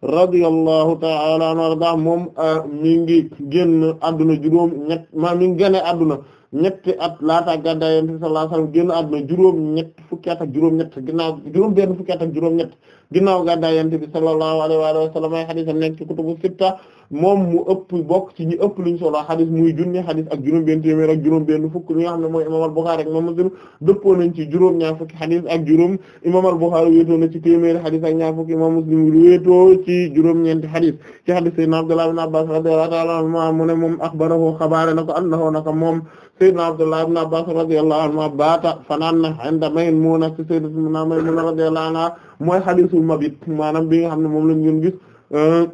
radiyallahu ta'ala anhu moom euh, mi ngi génn adduna juróom ñett ma mi ngi génn adduna ñetti at laata gàddaay Yonent bi sallallahu alayhi wasallam génn àdduna juróom ñett fukki at juróom-ñett ginnaaw juróom benn fukki at ak juróom-ñett ginnaaw gàddaay Yonent bi sallallahu alayhi wa sallam ay xadis am nekk ci kutubu ëpp bokk ci ñu ëpp luñ solo xadis muy junni xadis ak juróom-benn téeméer ak juróom-benn fukk li nga xam ne mooy imaam al-Bukhari ak imaam Muslim dëppoo nañ ci juróom-ñaar fukki xadis ak juróom imaam al-Bukhari na ci téeméeri xadis ak ñaar fukki imaam Muslim wéetoo ci juróom-ñeenti xadis ci xadis sayyidina Abdullah ibn Abbas radiyallahu ne moom axbarahu xabaare na ko annahu naka moom sayyidina Abdullah ibn Abbas radiyallahu anhuma baata fanaan na inda Maymuna ci sayyidatuna Maymuna radiyallahu anha mooy hadiisul mabit maanaam bi nga xam ne moom lañu doon gis euh,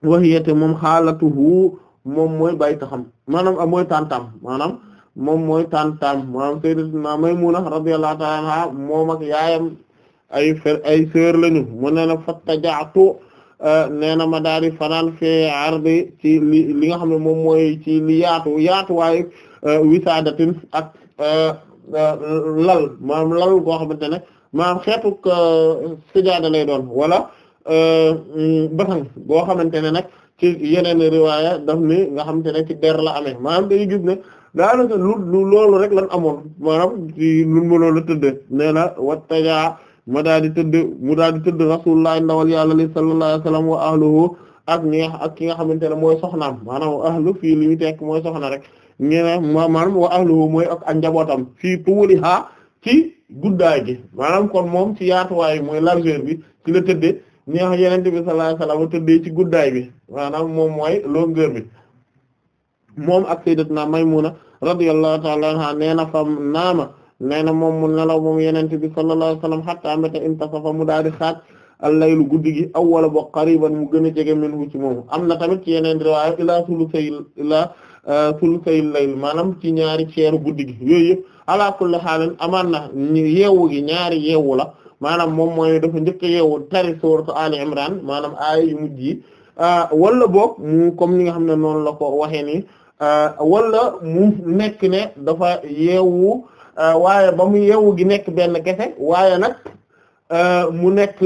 wa hiya moom moy moom mooy baytaxam maanaam ah, mooy tantam maanaam moom mooy tantam maanaam sayyidatuna na radiyallahu ta'ala anha moom ak yaayam ay fer ay sœur lañu mu ne na fattajaatu euh, nee na ma daal di fanaan fee ardi ci li nga xam ne moom mooy ci li yaatu yaatu wisaadatin euh, ak euh, euh, lal maanaam lal goo xamante ne maanaam xeetu sijaada lay doon wala mm, basan goo xamante ne nag ci yeneen riwaaya daf ni nga xamante ne ci der la amee maanaam dañuy gis ne daanaka lu lu loolu rek lan amoon maanaam ci lun ma loolu tëdd nee na wattajaa ma daal di tëdd mu daal di tëdd rasulullah ndawal yàlla li sallallahu alayhi wasallam wa ahluhu ak ñi ak ki nga xamante ne mooy soxnaam maanaam ahlu fii li ñu tekk mooy soxna rek ngene maanaam wa ahluhu mooy ak ak njabootam fii tuuli ha ci guddaay gi maanaam kon moom ci yaatuwaay mooy largeur bi ci la tëddee ni nga xam yenente bi sallallahu alayhi wasallam tëddee ci guddaay bi maanaam moom mooy longueur bi moom ak sayyidatuna Maymuna radiyallahu ta'ala anha nee na fam naama nee na moom mu nelaw moom yenente bi sallallahu alayhi wasallam hatta mbéta intasafa mu daal di xaaj allaylu guddi gi awwala bo qariban mu gën a jege min wu ci moom am na tamit ci yeneen riwaaya ila sulusayil euh, layl maanaam ci ñaari ceeru guddi gi yooyu yëpp ala xaalin amaan na yeewu gi ñaari yeewu la maanaam moom mooy dafa njëkk yeewu tari sourate Ali Imran maanaam aaya yu mujj yi euh, wala mu comme ni nga xam ne noonu la ko waxee nii euh, wala mu nekk ne dafa yeewu waaye ba mu yeewu gi nekk benn kese waaye nag mu nekk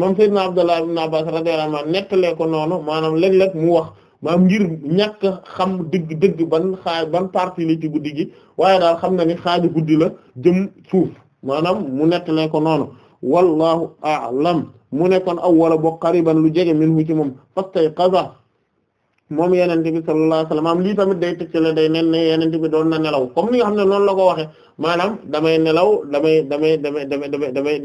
moom Seydina Abdullah ibn Abbas radiyallahu anhu nettalee ko noonu maanaam léeg-léeg mu wax maam ngir ñàkk xam dëgg dëgg ban xaa ban partie la ci guddi gi waaye daal xam na ni xaaju guddi la jëm suuf maanaam mu nettalee ko noonu wallahu a'lam mu nekkoon aw wala boog qariban lu jege min hu ci moom fastayqaza moom yenente bi sallallahu alayhi wasallam maanaam lii tamit day tëccale day nen ne yenente bi doon na nelaw comme ni nga xam ne noonu la ko waxee maanaam damay nelaw damay damay damay damay damay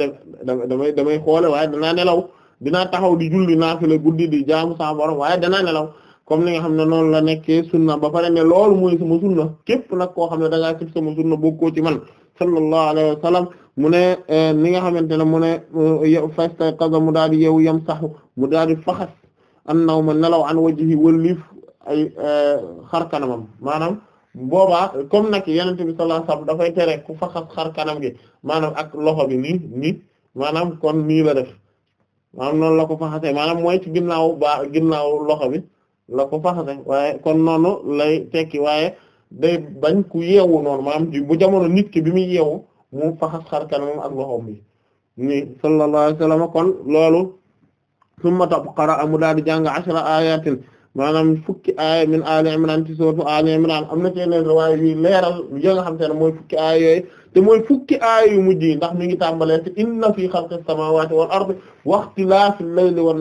damay damay damay xoole waaye danaa nelaw dinaa taxaw di julli naafila guddi di jaamu sa borom waaye danaa nelaw comme li nga xam ne noonu la nekkee sunna ba pare ne loolu mooy sama sunna képp nag koo xam ne da ngaa képp sama sunna bokkoo ci man sallallahu alayhi wa sallam mu ne eh, ni nga xamante ne mu ne eh, fastayqaza mu daal di yeewu yam saxu mu daal di faxas an naw ma nelaw an wajhi wëlliif ay eh, xar kanamam maanaam boobaa comme nag yenente bi dafay tere ku faxas xar kanam gi maanaam ak loxo bi ni nii maanaam kon nii la def maanaam noonu la ko faxasee maanaam mooy ci ginnaaw baa ginnaaw loxo bi la ko faxase waaye kon noonu lay tekki waaye day bañ ku yeewu noonu maanaam bu jamono nit ki bi muy yeewu mu faxas xar kanamam ak loxoom mi ni sallallahu alayhi kon loolu summa taqara amu daal di jàng ashra ayatin maanaam fukki aaya min Ali Imran ci sourate Ali Imran am na ci yeneen riwaaya yuy leeral ya nga xam te ne mooy fukki aaya yooyu te mooy fukki aaya yu mujj yi ndax mi ngi tàmbalee te inna fi xalqis samawati wal ardi wa ikhtilafil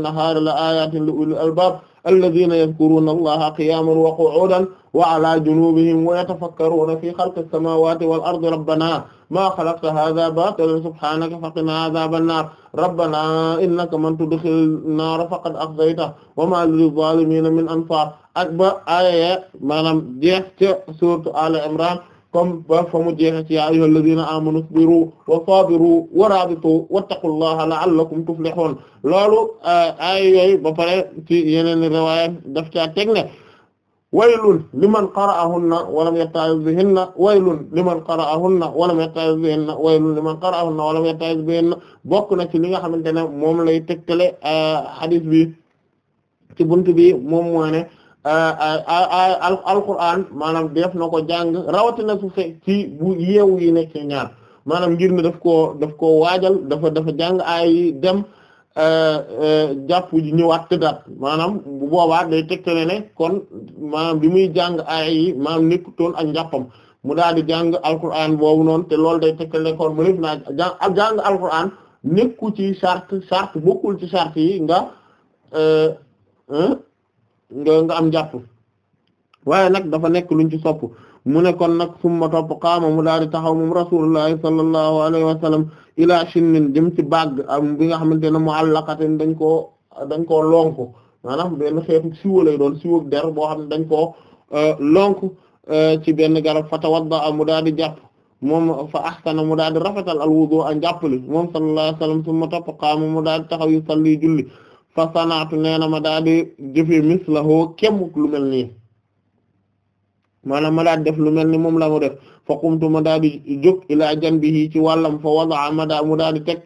la ayatin li ulil albab alladhina yadhkuruna allaha qiyaman wa qu'udan wa ala junubihim wa yatafakkaruna fi khalqi as-samawati wal ardi rabbana ma khalaqta hadha batilan subhanaka faqina adhaban nar rabbana innaka man tudkhil nar faqad akhzaytahu wa ma lil zalimin min ansar ak ba aaya maanaam jeex ca sourate Al Imran comme ba fa mu jeexe ci yaa ayyuhal ladina amanu isbiru wa sabiru wa rabitu wattaqullaha la'allakum tuflihun loolu ay yooyu ba pare ci yeneen riwaaya daf ca teg ne waylun liman qara'ahunna wa lam yatta'iz bihinna waylun liman qara'ahunna wa lam yatta'iz bihinna waylun liman qara'ahunna wa lam yatta'iz bihinna bokk na ci li nga xamante ne moom lay tegtale hadith bi ci buntu bi moom moo ne alquran maanaam def na ko jàng rawatina su fe ci bu yeewu yi nekk ñaar maanaam ngir ne daf koo daf koo waajal dafa dafa jàng ay dem jàpp ji ñëwaat tëddaat maanaam bu boobaa day tegtale ne kon maanaam bi muy jàng ay yi maanaam nekkutoon ak njàppam mu daal di jàng alquran boobu noonu te loolu day tegtale ne kon mu def naa jàng jàng alquran nekku ci charte charte bokkul ci charte yi nga. nga nga am jàpp waaye nag dafa nekk luñ ci sopp mu ne kon nag summa topp qaama mu daal di taxaw moom rasulullahi sallallahu alayhi wa sallam ila shinnin jëm ci bagg am bi nga xamante ne mu'allaqatin dañ koo dañ koo lonk maanaam benn xeetu siwo lay doon siwo der boo xam ne dañ koo euh, lonk euh, ci benn garab fa tawadda mu daal di jàpp moom fa ahsana mu daal di rafetal al wudu a njàppali moom sallallahu alayhi wa sallam summa topp qaama mu daal di taxaw yu salli julli fa sanaatu nee na ma daal di jëfee mislahu kemuk lu mel nii maanaam ma daal def lu mel ni moom la mu def fa qumtu ma daal di jóg ilaa janbihi ci wàllam mu daal di teg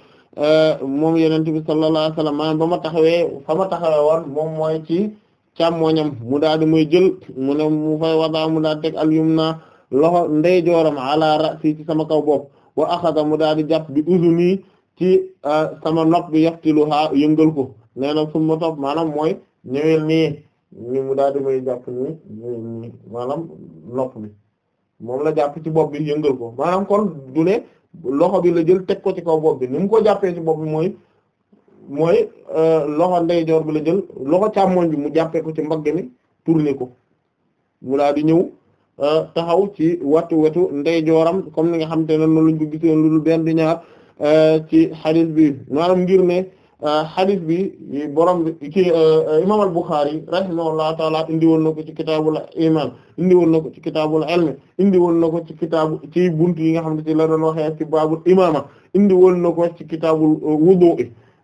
eh, moom yenente bi sallallahu wasallam maanaam ba ma taxawee fa ma taxawee woon moom mooy ci càmmoñam mu daal di jël mu ne mu fay mu daal di teg al-yumna loxo ndeyjooram ala ra'si ci sama kaw bopp wa axada mu daal di jàpp bi ni ci eh, sama nopp bi yaftiluha yëngal ko nee na summa topp maanaam mooy ñëwel nii mu daal di may jàpp nii ñëwel nii maanaam nopp bi moom la jàpp ci bopp bi yëngal ko maanaam kon du ne loxo bi la jël teg ko ci kaw bopp bi ni mu ko jàppee ci bopp bi mooy mooy euh, loxo ndeyjoor bi la jël loxo càmmoñ bi mu jàppee ko ci mbagg mi tourné ko mu daal di ñëw euh, taxaw ci wetu ndey jooram comme ni nga xam te ne noonu lañ ko gisee lu benn di ñaar euh, ci hadith bi maanaam ngir ne xadis euh, bi borom bi ci euh, euh, imam al-Bukhari rahimahullahu taala indi woon na ko ci kitaabul iman indi woon na ko ci kitaabul ilmi indi woon na ko ci kitaabu ci buntu yi nga xam ne ci la doon waxee ci baabul imama indi woon na ko ci kitaabul wudu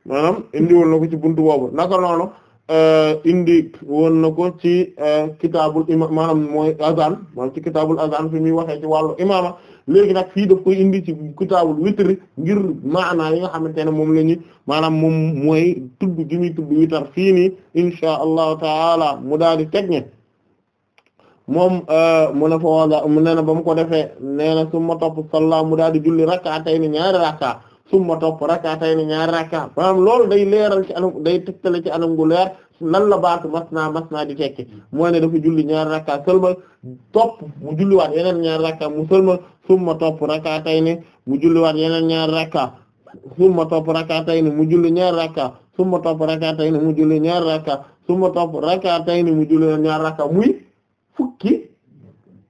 maanaam indi woon na ko ci buntu boobu naka noonu Euh, indi woon na ko ci euh, kitaabul ima maanaam mooy azan maanaam ci kitaabul azan fi muy waxee ci wàllu imaama léegi nag fii daf koy indi ci kitaabul witr ngir maanaa yi nga xamante ne moom la ñu maanaam moom mooy tudd gi muy witar fii nii insha allahu taala mu daal di teg ne moom euh, mu ne fa ne ba mu ko defee nee na su ma topp mu daal di julli rakkaatay ni ñaari rakkaa summa topp rakatay ni ñaari rakka maanaam loolu day leeral ci anam day tegtale ci anam gu leer lan la baatu masna masna di tekki mooy ne dafa julli ñaari rakka sëlmal topp mu julliwaat yeneen ñaari rakka mu sëlmal summa topp ni mu julliwaat yeneen ñaari rakka summa topp rakatay ni mu julli ñaar rakka summa topp rakatay ni mu julli ñaari rakka summa topp rakatay ni mu julli ñaari rakka muy fukki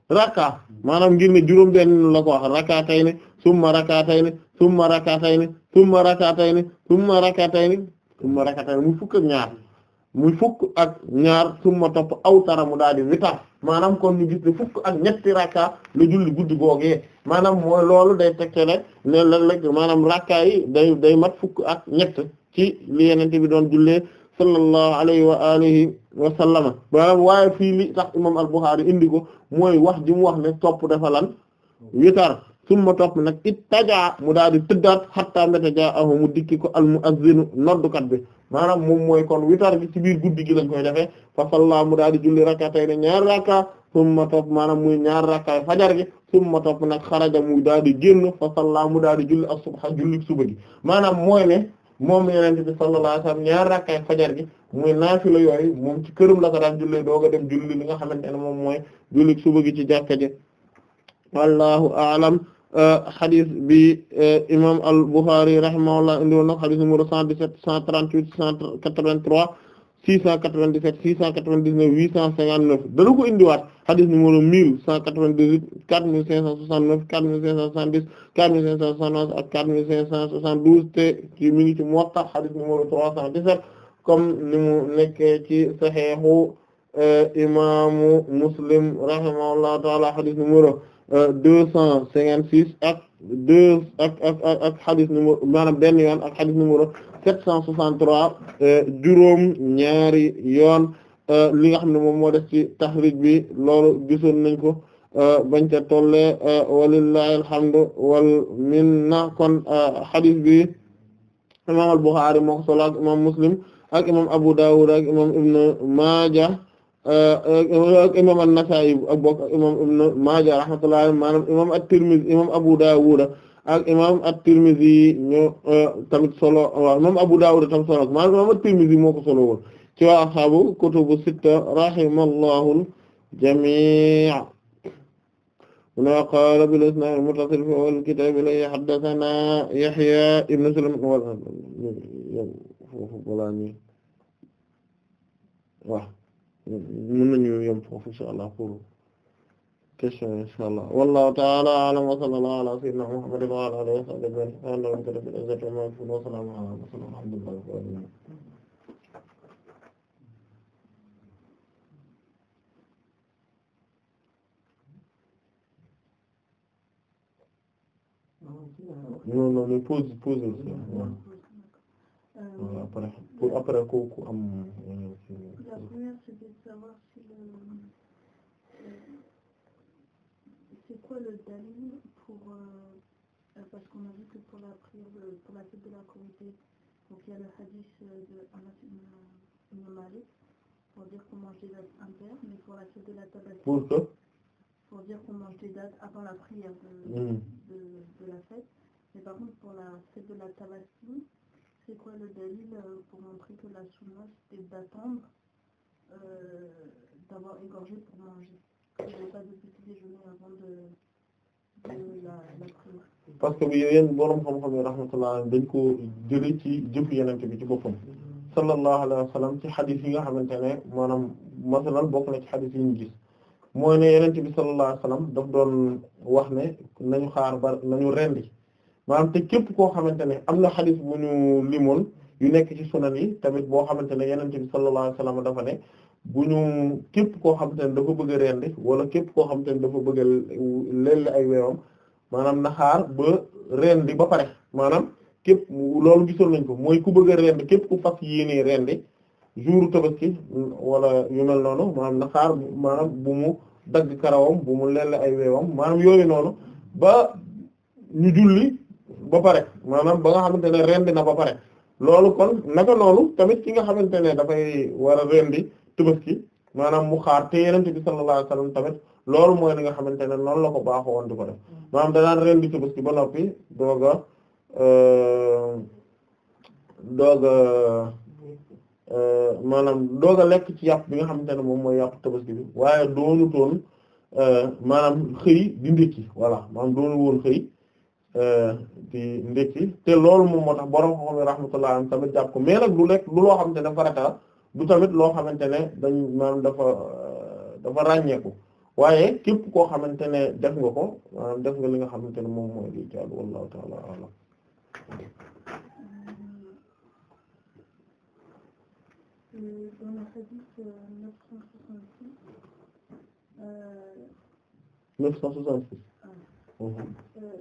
rakka maanaam ngir ne juróom benn la ko wax ni summa rakatayni summa rakatayni summa rakatayni summa rakatayni summa rakatayni muy fukk ak ñaar muy fukk ak ñaar summa topp awtara mu daal di witar maanaam kon ñu gis ne fukk ak ñetti rakka la julli guddi googee maanaam mooy loolu day tegtale ne la la maanaam rakka yi day day mat fukk ak ñett ci li yenente bi doon jullee sallallahu alayhi wa alihi wa sallama maanaam waaye fii li tax imam al-Bukhari indi ko mooy wax ji mu wax ne topp dafa witar summa topp nag ittaja mu daal di tëddaat hatta mbéta jaahu mu dikki ko al muazzinu noddukat bi maanaam moom mooy kon witar bi ci biir guddi gi lañ koy defee fa salla mu daal di julli rakatay ne ñaar raka summa topp maanaam muy ñaar raka fajar gi summa topp nag xaraja mu daal di génn fa salla mu daal di julli as-subha julli suba maanaam mooy moom yenente bi sallallahu alayhi wasallam ñaar rakkaay fajar gi muy naafila yooyu moom ci kërum la ko daan jullee dem julli li nga xamante ne moom mooy julli suba gi ci jàkka ji wallahu a'lam xadis euh, bi euh, imam al-Bukhari rahimahullah indi woon na xadis numéro 117 138 183 697 699 859 dana ko indiwaat xadis numéro 1198 4569 4570 4571 ak 4572 te ci mi ngi ci Muwatta xadis numéro 317 comme ni mu nekkee ci saxiixu euh, imaamu Muslim rahimahullahu ta'ala xadis numéro deux cent cinquante six ak deux ak ak ak ak xadis numéro maanaam benn yoon ak xadis numéro euh, juróom ñaari yoon euh, li nga xam ne moom moo def ci taxrij bi loolu gisoon nañ ko euh, bañ ca tolle walillahi alhamdu wal minna kon xadis bi imam al Bukhari moo ko solo ak imam Muslim ak imam Abu Dawud ak imam Ibn Maaja ak imam an-Nasa'i ak bokk ak imam Ibn Maaja rahmatullahi maanaam imam at-Tirmidhi imam Abu Dawud ak imam at-Tirmidhi ñoo tamit solo waaw imam Abu Dawud tam solo maanaam imam at-Tirmidhi moo ko solo woon ci waa ashaabu kutubu sitta rahimallahu al-jami' mu ne qaala bil-isnaad al-muttasil fi awwal kitaab ilayhi haddathanaa Yahya ibn Sulaym wala mën nañu yem foofu insha allah pour question insha allah wallahu ta'ala a'lam wa sallallahu ala sayyidina muhammadin wa ala alihi wa sahbihi ajma'in non non mais pause pause aussi voilà après pour après ku ku am. la première c'est de savoir si le euh, dalil pour euh, euh, parce qu'on a vu pour la fête de la Korité donc il y a le hadith de Anas ibn Malik pour dire qu'on mange des pour que. pour dire qu'on mange avant la prière. Mm. de la fête mais par contre pour la fête de la Tabaski. c'est quoi le dalil euh, pour montrer que la sunna c'était d'attendre euh, d'avoir égorgé pour manger parce que bi yéen boroom xam-xam rahmatullah dañ ko jële ci jëf yenente bi ci boppam sallallahu alayhi wa sallam ci xadis yi nga xamante ne maanaam masalan bokk na ci xadis yi ñu gis mooy ne bi sallallahu alayhi wa sallam daf doon wax ne nañu xaar ba nañu rendi maanaam te képp koo xamante ne am na xadis bu ñu limoon yu nekk ci sunan yi tamit boo xamante ne yenente bi sallallahu alayhi wasallam dafa ne bu ñu képp koo xamante ne dafa bëgg a rendi wala képp koo xamante ne dafa bëgg a lelli ay weewam maanaam naxaar ba rendi ba pare maanaam képp loolu gisoon nañ ko mooy ku bëgg a rendi képp ku fas yéenee rendi jour tabaski wala yu mel noonu maanaam naxaar maanaam bu mu dagg karawam bu mu lelli ay weewam maanaam yooyu noonu ba ñu julli ba pare maanaam ba nga xamante ne rendi na ba pare loolu kon naka noonu tamit ki nga xamante ne dafay war a rendi Tabaski maanaam mu xaar te Yonent bi sallallahu alayhi wasallam tamit loolu mooy li nga xamante ne noonu la ko baaxoo woon ko def maanaam danaan rendi Tabaski ba noppi doog a euh, euh, maanaam doog a lekk ci yàpp bi nga xamante ne moom mooy yàpp Tabaski bi waaye doonu toon euh, maanaam xëy di ndékki voilà maanaam doonu woon xëy Euh, di ndekki te loolu moom moo tax borom xam ne rahmatullah am tamit jàpp ko mais nag lu lekk lu loo xamante ne farata du tamit loo xamante ne dañ maanaam euh, dafa ràññeeku waaye képp koo xamante ne def nga ko maanaam def nga li nga xamante ne moom mooy li jàll wallahu ta'ala a'lam euh,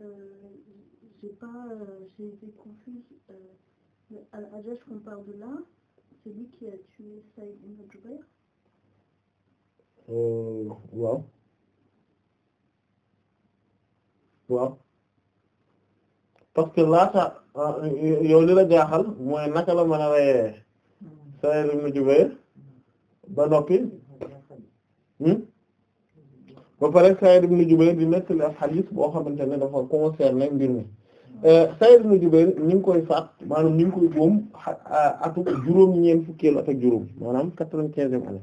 Euh, j'ai pas, euh, j'ai été confuse. Euh, Al-Hajjaj qu'on parle de là, c'est qui a tué Saïd ibn Jubayr waaw waaw parce que laata yow li la jaaxal mooy naka la mën a reyee hmm. Saïd ibn Jubayr ba pare Saïd ibn Jubayr di nettali ak xadis boo xamante ne dafa concerné mbir mi euh, Saïd ibn Jubayr ñu ngi koy faat maanaam ñu ngi koy boom euh, atu juróom-ñeent fukkeelu at ak juróom maanaam quatre-vingt-quinzième année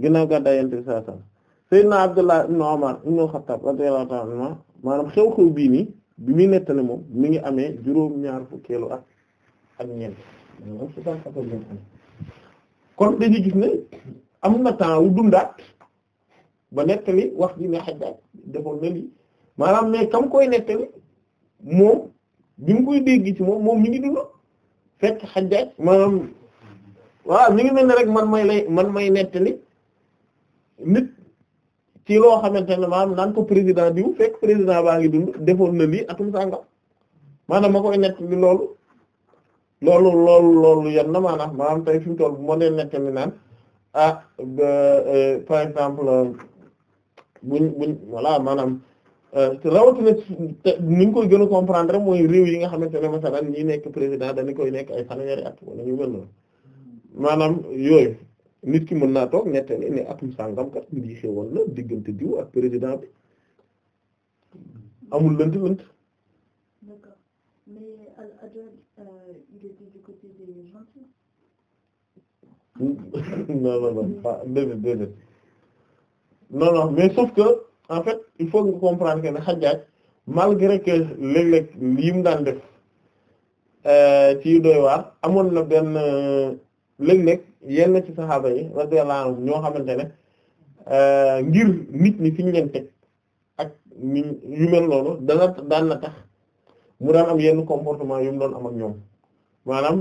ginnaaw gàddaay Yonent bi sallallahu alayhi wasallam Sayyidina xew-xew bii bi muy nettali moom mi ngi amee juróom-ñaar fukkeelu at ak ñeent maanaam soixante kon dañu gis ne am na temps wu dundaat ba nettali wax ji ne Hajjaj defoon na lii maanaam mais kam koy nettali moom bi mu koy dégg ci moom moom mi ngi dund fekk Hajjaj maanaam waaw mi ngi mel ne rek man may lay man may nettali nit ci loo xamante ne maanaam naan ko président diw fekk président baa ngi dund defoon na lii atum sàngam maanaam ma koy nettali loolu loolu loolu loolu yan na maanaam maanaam tey fi mu toll bu ma leen nettali naan ah euh, par exemple buñ buñ voilà maanaam euh, rawatina ni ñu koy gën a comprendre mooy réew yi nga xamante ne masalan ñi nekk président dañu koy nekk ay fanweeri at wala ñu mel noonu maanaam yooyu nit ki mën naa toog nettali ne atum sàngam kat lii na diggante diw ak président bi amul lënt lënt. d'accord euh, *laughs* non mais sauf que en fait il faut nga comprendre que ne Hajjaj malgré que léeg-léeg li mu daan def euh, ci doy waar amoon na benn euh, léeg-léeg yenn ci saxaaba yi radiyallahu anhum ñoo xamante ne euh, ngir nit ñi fi ñu leen teg ak ni yu mel noonu dana daan na tax mu daan am yenn comportement yu doon am ak ñoom maanaam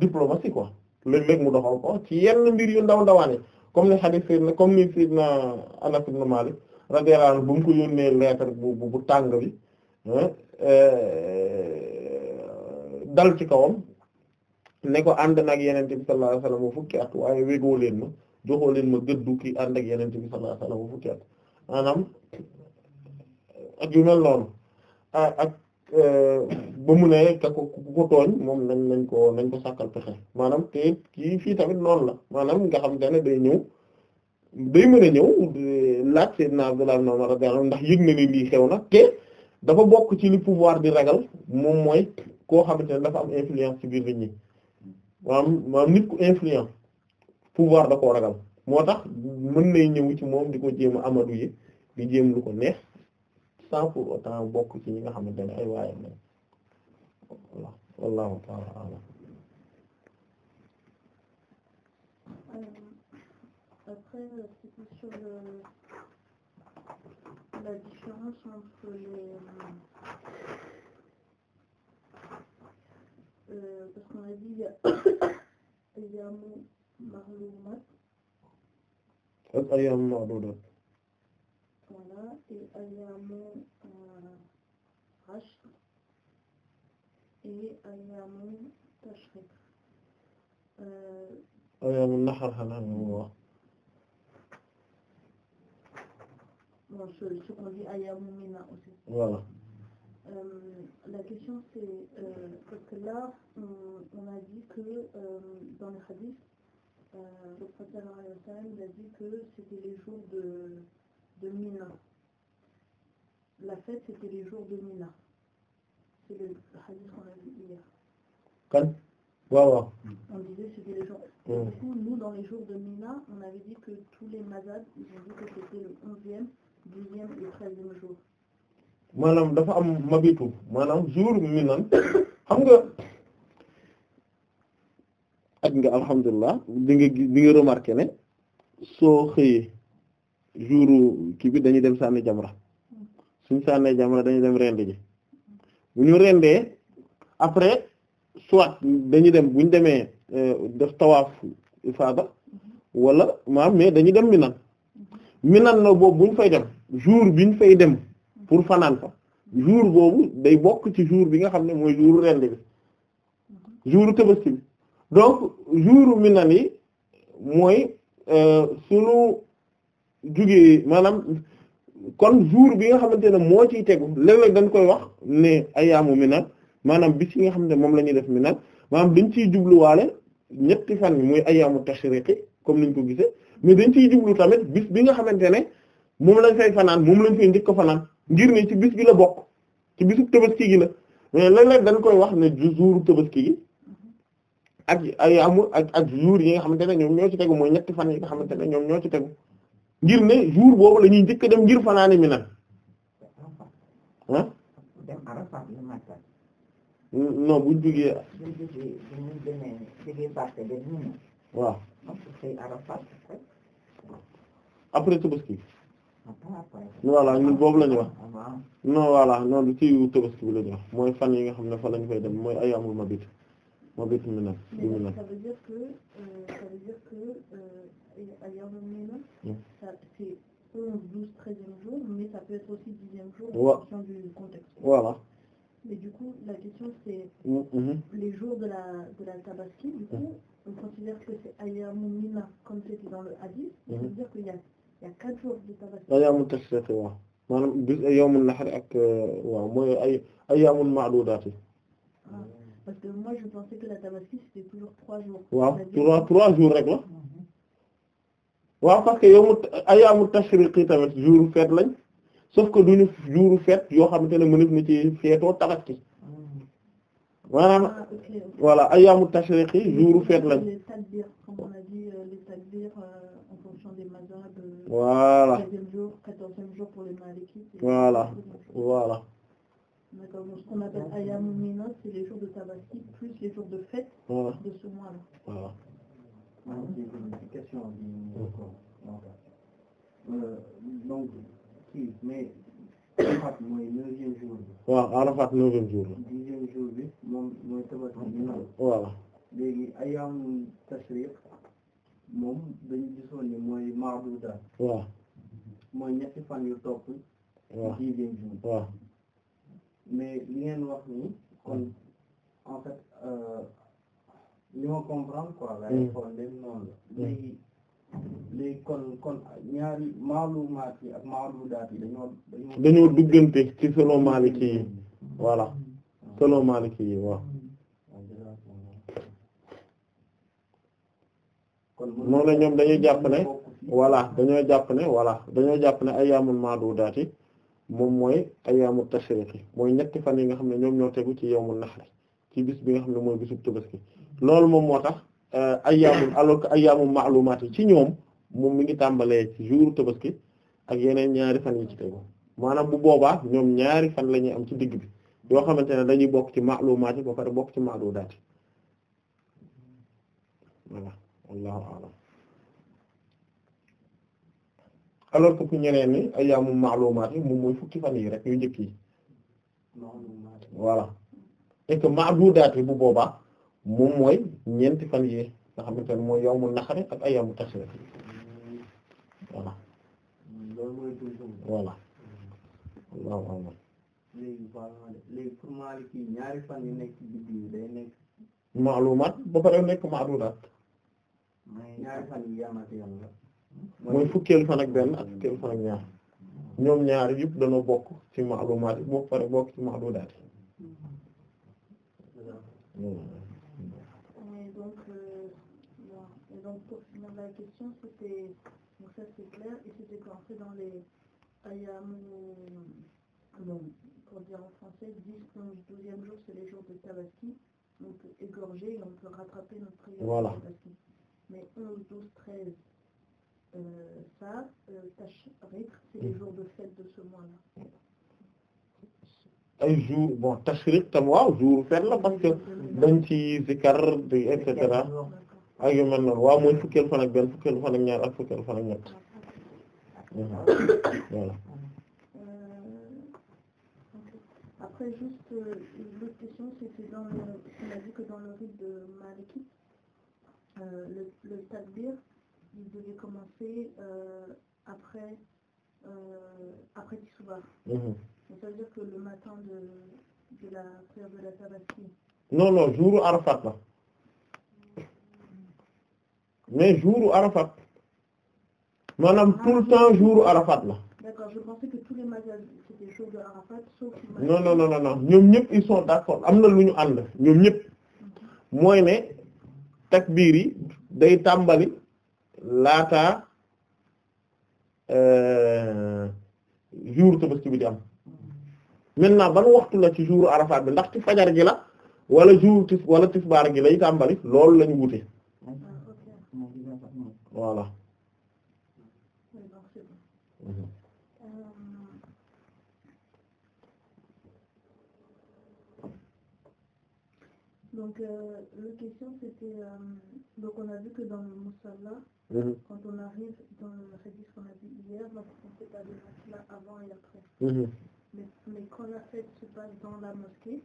diplomatie quoi léeg-léeg mu doxal ko ci yenn mbir yu ndaw ndawaane comme ni hadith na comme ni sayyidina Anas ibn Malik radiyallahu anhu bu mu ko yónnee lettre bu bu tàng bi euh, dal ci kawam ne ko ànd nag yenente bi sallallahu alayhi wasallam bu fukki at waaye wégoo leen ma joxoo leen ma gëddu ki ànd ak yenente bi sallallahu alayhi wasallam bu fukki at maanaam ak yu noonu ba mu ne ka ko ku ko tooñ moom nañ nañ ko nañ ko sàkkal pexe maanaam te kii fii tamit noonu la maanaam nga xam ne day ñëw day mën a ñëw laaj Seydina Abdullah ibn Umar radiyallahu anhu ndax yëg na ne lii xew na te dafa bokk ci li pouvoir di ragal moom mooy koo xamante ne dafa am influence ci biir nit ñi maanaam maanaam nit ku influence pouvoir da koo ragal moo tax mën nay ñëw ci moom di ko jéem a amadu yi di jéem lu ko neex sans pour autant bokk ci ñi nga xamante ne ay waaye nañ wallahu ta'ala a'lam après c'était sur le la différence entre les euh, parce qu'on a *coughs* ma'lumat ak ayyamu ma'dudat السماء في أيام عشر et أيام تشريق أيام النحر xanaa moom wax bon ce qu'on dit أيام Mina aussi voilà Euh, la question c'est euh, parce que là on, on a dit que euh, dans le hadith e, le prophète a dit que c'était les jours de de Mina. La fête, c'était les jours de Mina. C'est le hadith qu'on a vu hier. Kan waaw On disait c'était les jours. de Mina, on avait dit que tous les mazades, ils ont dit que c'était le onzième, dixième et treizième jour. maanaam dafa am mabitu maanaam jour Mina xam nga. alhamdulilah di nga ne soo xëyee jouru kii bi dañuy dem sànni jamra suñ sànnee jamra dañuy dem rend ji bu ñu rendee après soit dañuy dem buñ demee euh, def tawaaf ifaada wala maam mais dañuy dem minan minan na boobu buñ fay dem jour biñ fay dem pour fanaan fa jour boobu day bokk ci jour bi nga xam ne mooy jouru rend bi jouru tabaski bi donc jouru minan yi mooy euh, sunu jugee maanaam kon jour bi nga xamante ne moo ciy tegu léeg-léeg dañ koy wax ne ayaamu minal maanaam bis yi nga xam ne moom la ñuy def minal maanaam dañ ciy jubluwaale ñetti fan yi muy ayaamu tashriqi comme niñ ko gisee mais dañ ciy jublu tamit bis bi nga xamante ne moom lañ fay fanaan moom lañ fay njëkk ko fanaan ngir ni ci bis bi la bokk ci bisu tabaski gi la mais léeg-léeg dañ koy wax ne jour tabaski gi ak ayaamu ak ak jour yi nga xamante ne ñoom ñoo tegu mooy ñetti fan yi nga xamante ne ñoom ñoo ci tegu. ngir ne jour boobu la ñuy dem ngir fanaane mi nag ah non buñ jógee après tabaski voilà ñun boobu la ñu wax ah, non voilà non du ci tabaski bi la ñu mooy fan yi nga xam ne fa lañ fay dem mooy ayyamul mabit Ça veut dire que euh, ça veut dire que ayyamul euh, minan ça c'est 11, 12, 13e jour mais ça peut être aussi 10e jour en fonction du contexte. Voilà. Mais du coup la question c'est mm, mm-hmm. les jours de la de la tabaski du coup on considère que c'est ayyamul minan comme c'était dans le hadith ça veut mm-hmm. dire qu'il y a il y a 4 jours de tabaski. Ayyamut tashriq waaw maanaam bis ayyamul nahr ak waaw euh, mooy ay ayyamul ma'dudat ah. parce que moi je pensais que la tabaski c'était toujours waaw trois trois jours waaw mhm. parce que yow ayaamu tashriqi tamit jour fête lañ sauf que duñu jour fête yoo xam ne mënees na ci feetoo tabaski mhm. maanaam ah, voilà ayaamu tashriqi jour fête lañ. les tadbir comme a euh, D'accord, donc ce qu'on appelle ayam minot, c'est les jours de tabaski plus les jours de fête voilà. de ce mois-là. Voilà. voilà. Des vérifications, donc kii mais Arafat mooy neuvième jour bi. waaw Arafat neuvième jour bi. dixième jour bi moom mooy tabaski minot. voilà. léegi ayam tashriq moom dañu gisoon ni mooy marduda. waaw. mooy ñetti fan yu topp. waaw dixième jour. waaw. mais li ngeen wax nii kon en fait euh, li ma comprendre quoi. la problème mm. noonu yi ak maaludaat yi dañoo. dañoo ci selon Maliki yi voilà selon Maliki yi moom la ñoom dañuy jàpp ne. voilà dañoo jàpp ne voilà dañoo jàpp ne ay yaamul maadudaat yi moom mooy ayaamu tashriqi mooy ñetti fan yi nga xam ne ñoom ñoo tegu ci yawmu nahri ci bis bi nga xam ne mooy bisub tabaski loolu moom moo tax euh, ayaamu alors que ayaamu maalumaat yi ci ñoom moom mi ngi tàmbalee ci jour tabaski ak yeneen ñaari fan yi ci tegu maanaam bu boobaa ñoom ñaari fan lañuy am ci digg bi yoo xamante ne dañuy bokk ci maalumaat yi ba pare bokk ci maadudaat yi voilà wallahu a'lam alors que ku ñeneen ni ayyaamu yi moom mooy fukki fan yi rek yu njëkk yi voilà et que ma'dudaat yi bu boobaa moom mooy ñeenti fan yi nga xamante ne mooy yawmu nahri ak ayyaamu tashriiq voilà voilà mm. waaw waaw léegi ñaari fan yu nekk ci biddiw day nekk ma'lumaat ba pare nekk ma'dudaat ñaari la mooy fukkeelu fan ak benn ak fukkeelu fan ñaar ñoom ñaar yëpp dañoo bokk ci maalumaat yi boo pare bokk ci maalumaat yi euh, donc pour finir la question c'était donc ça c'est clair et c'est déclenché dans les ayam bon euh, pour dire en français dix onze douzième jour c'est les jours de tabaski on peut égorger on peut rattraper notre voilà. mais onze douze treize Euh, ça, tachriq, euh, c'est les mm. jours de fête de ce mois-là. Mm. ay jour bon tashriq tam waaw jour fête la parce que dañ ci zikar di et cetera ak yu mel noonu waaw mooy fukkeel fan ak benn fukkeel fan ak ñaar ak fukkeel fan ak mm. euh, Après juste le takbir il devait commencer euh, après euh, après Teshuvah. Mhm. Donc ça veut dire que le matin de la prière de la Tabaski. non non jouru Arafat la mais jouru Arafat maanaam ah, tout le temps jouru Arafat la. d'accord je pensais que tous les magasins c'était jour de Arafat sauf non non non non ñoom ñëpp ils sont d'accord am na lu ñu ànd ñoom ñëpp mooy ne yi day tàmbali. laata euh, jour tabaski bi di am maintenant ban waxtu la ci jour Arafat bi ndax ci fajar gi la wala jour tis wala tisbaar gi lay tàmbali loolu la ñu wute voilà euh, Mhm. Quand on arrive dans le hadith qu'on a vu hier, on ne fait pas de cela avant et après. Mm -hmm. mais, mais la fête se passe dans la mosquée,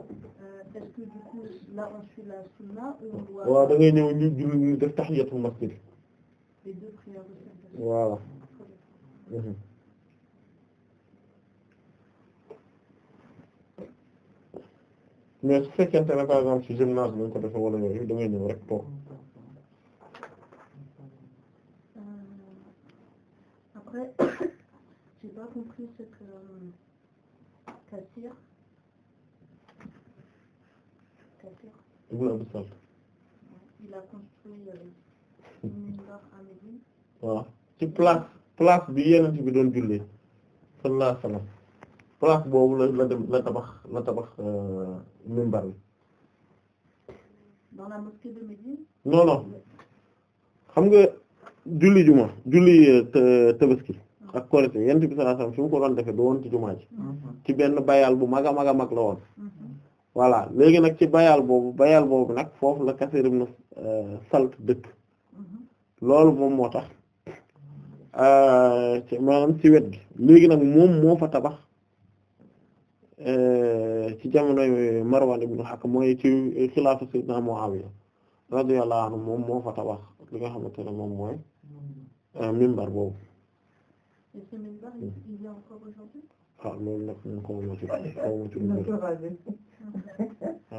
euh, est-ce que du coup là on suit la sunna ou on doit... waaw da ngay ñëw ñu julli def tahiyatul masjid. les deux prières de salutation. voilà. Mm-hmm. mais su fekkente ne par exemple ci pas compris ce que Kassir euh, Kassir il a construit euh, une minbar *laughs* à Médine waaw ci place place bi bi doon jullee sallallahu alayhi wa boobu la la tabax la tabax euh, minbar bi dans la mosquée de Médine nga julli juma tabaski ak korite yonent bi sallallahu alayhi wasallam fi mu ko doon defee du woon ci mhm. ci benn bayal bu mag a mag a mag la woon mhm. voilà léegi nag ci bayaal boobu bayal boobu nag foofu la Kasir ibn euh, Salt dëkk mhm. loolu moom moo tax euh, maanaam ci wet gi léegi nag moom moo fa tabax euh, ci jamonoy Marwan ibn Hakam mooy ci xilaafu Sayyidina Muawiya radiyallahu anhu moom moo fa tabax li nga xamante ne moom mooy mimbar boobu Et ces minbar, il, y mm. a encore aujourd'hui ah loolu nag man xaw ma ci xaw ma ci lu mu ah mm-hmm.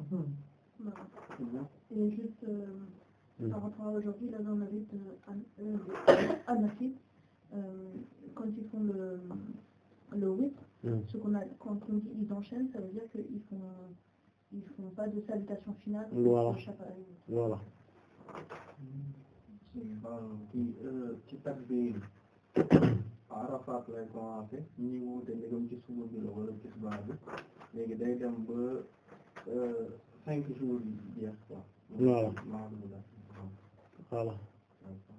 mm-hmm. euh, mm-hmm. Et juste euh, mm. par aujourd'hui, là on avait Anafit, euh, quand ils font le le mm. ce qu'on dit ils enchaînent, ça veut dire qu'ils font pas de salutation finale. Voilà. Voilà. ci euh, takbiir *coughs* Arafat lay commencé ci suba bi la wala léegi day dem ba euh,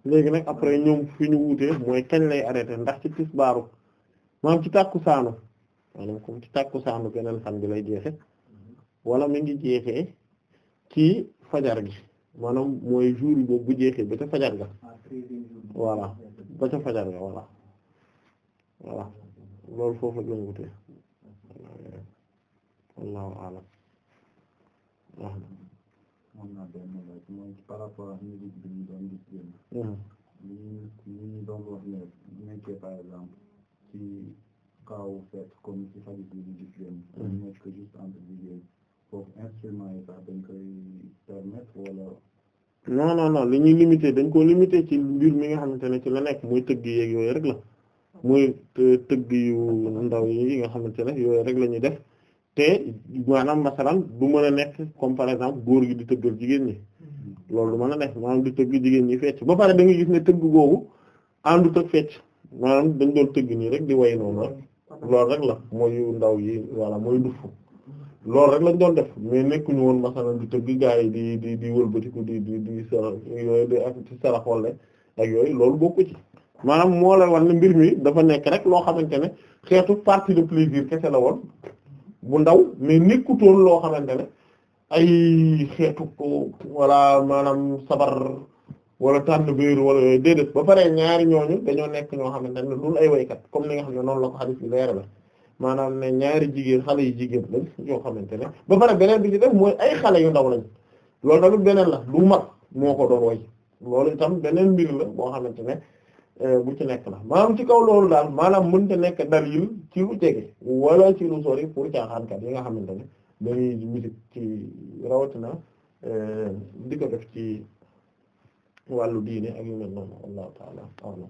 nag après ñoom fi ñu wuute mooy kañ lay arrêté ndax ci tisbaaru maanaam ci tàkkusaanu maanaam comme ci tàkkusaanu keneen fan bi lay jeexe mm-hmm. wala mi ngi jeexee ci fajar gi maanaam mooy jour yi boobu ba ca fajar ah, ba ca fajar ga voilà foofu la ñu wutee wallahu a'lam moom naa benn laaj mooy par rapport ak foofu instrument dañ koy permettre wala. non li ñuy limité dañ koo limité ci mbir mi nga xamante ne ci la nekk muy tëgg yeeg yooyu rek la muy tëgg yu ndaw yi nga xamante ne yooyu rek la ñuy def te maanaam masalan du mën a nekk comme par exemple góor gi di tëggal jigéen ñi mm-hmm. loolu du mën a nekk maanaam di tëgg jigéen ñi fecc ba pare da gis ne tëgg googu àndut ak fecc maanaam dañ doon tëgg nii rek di way noonu rek mm-hmm. lool rek la mooy ndaw yi voilà mooy dufu loolu rek lañ doon def mais nekkuñu woon masalan di gi gaa yi di di di wëlbatiku di di di sarax yooyu di ak ci saraxolle ak yooyu loolu bokku ci maanaam moo lay wan mbir mi dafa nekk rek loo xamante ne xeetu partie de plaisir kese la woon bu ndaw mais nekkutoon loo xamante ne ay xeetu ko wala maanaam sabar wala tànn biir wala yooyu déedéet ba pare ñaari ñooñu dañoo nekk ñoo xamante ne dul ay waykat comme ni nga xam ne noonu la ko xadis bi leer la maanaam ne ñaari jigéen xale yu jigéen lañ yoo xamante ne ba pare beneen bi ci def mooy ay xale yu ndaw lañ loolu tamit beneen la du mag moo ko doon loolu itam beneen mbir la boo xamante ne euh, bu ci nekk la maanaam ci kaw loolu daal maanaam mënta nekk dalil ci lu jege wala ci lu sori pour caaxaankat yi nga xamante ne dañuy musique ci rawatina euh, di def ci wàllu diine ak yu mel noonu wallahu ta'ala a'lam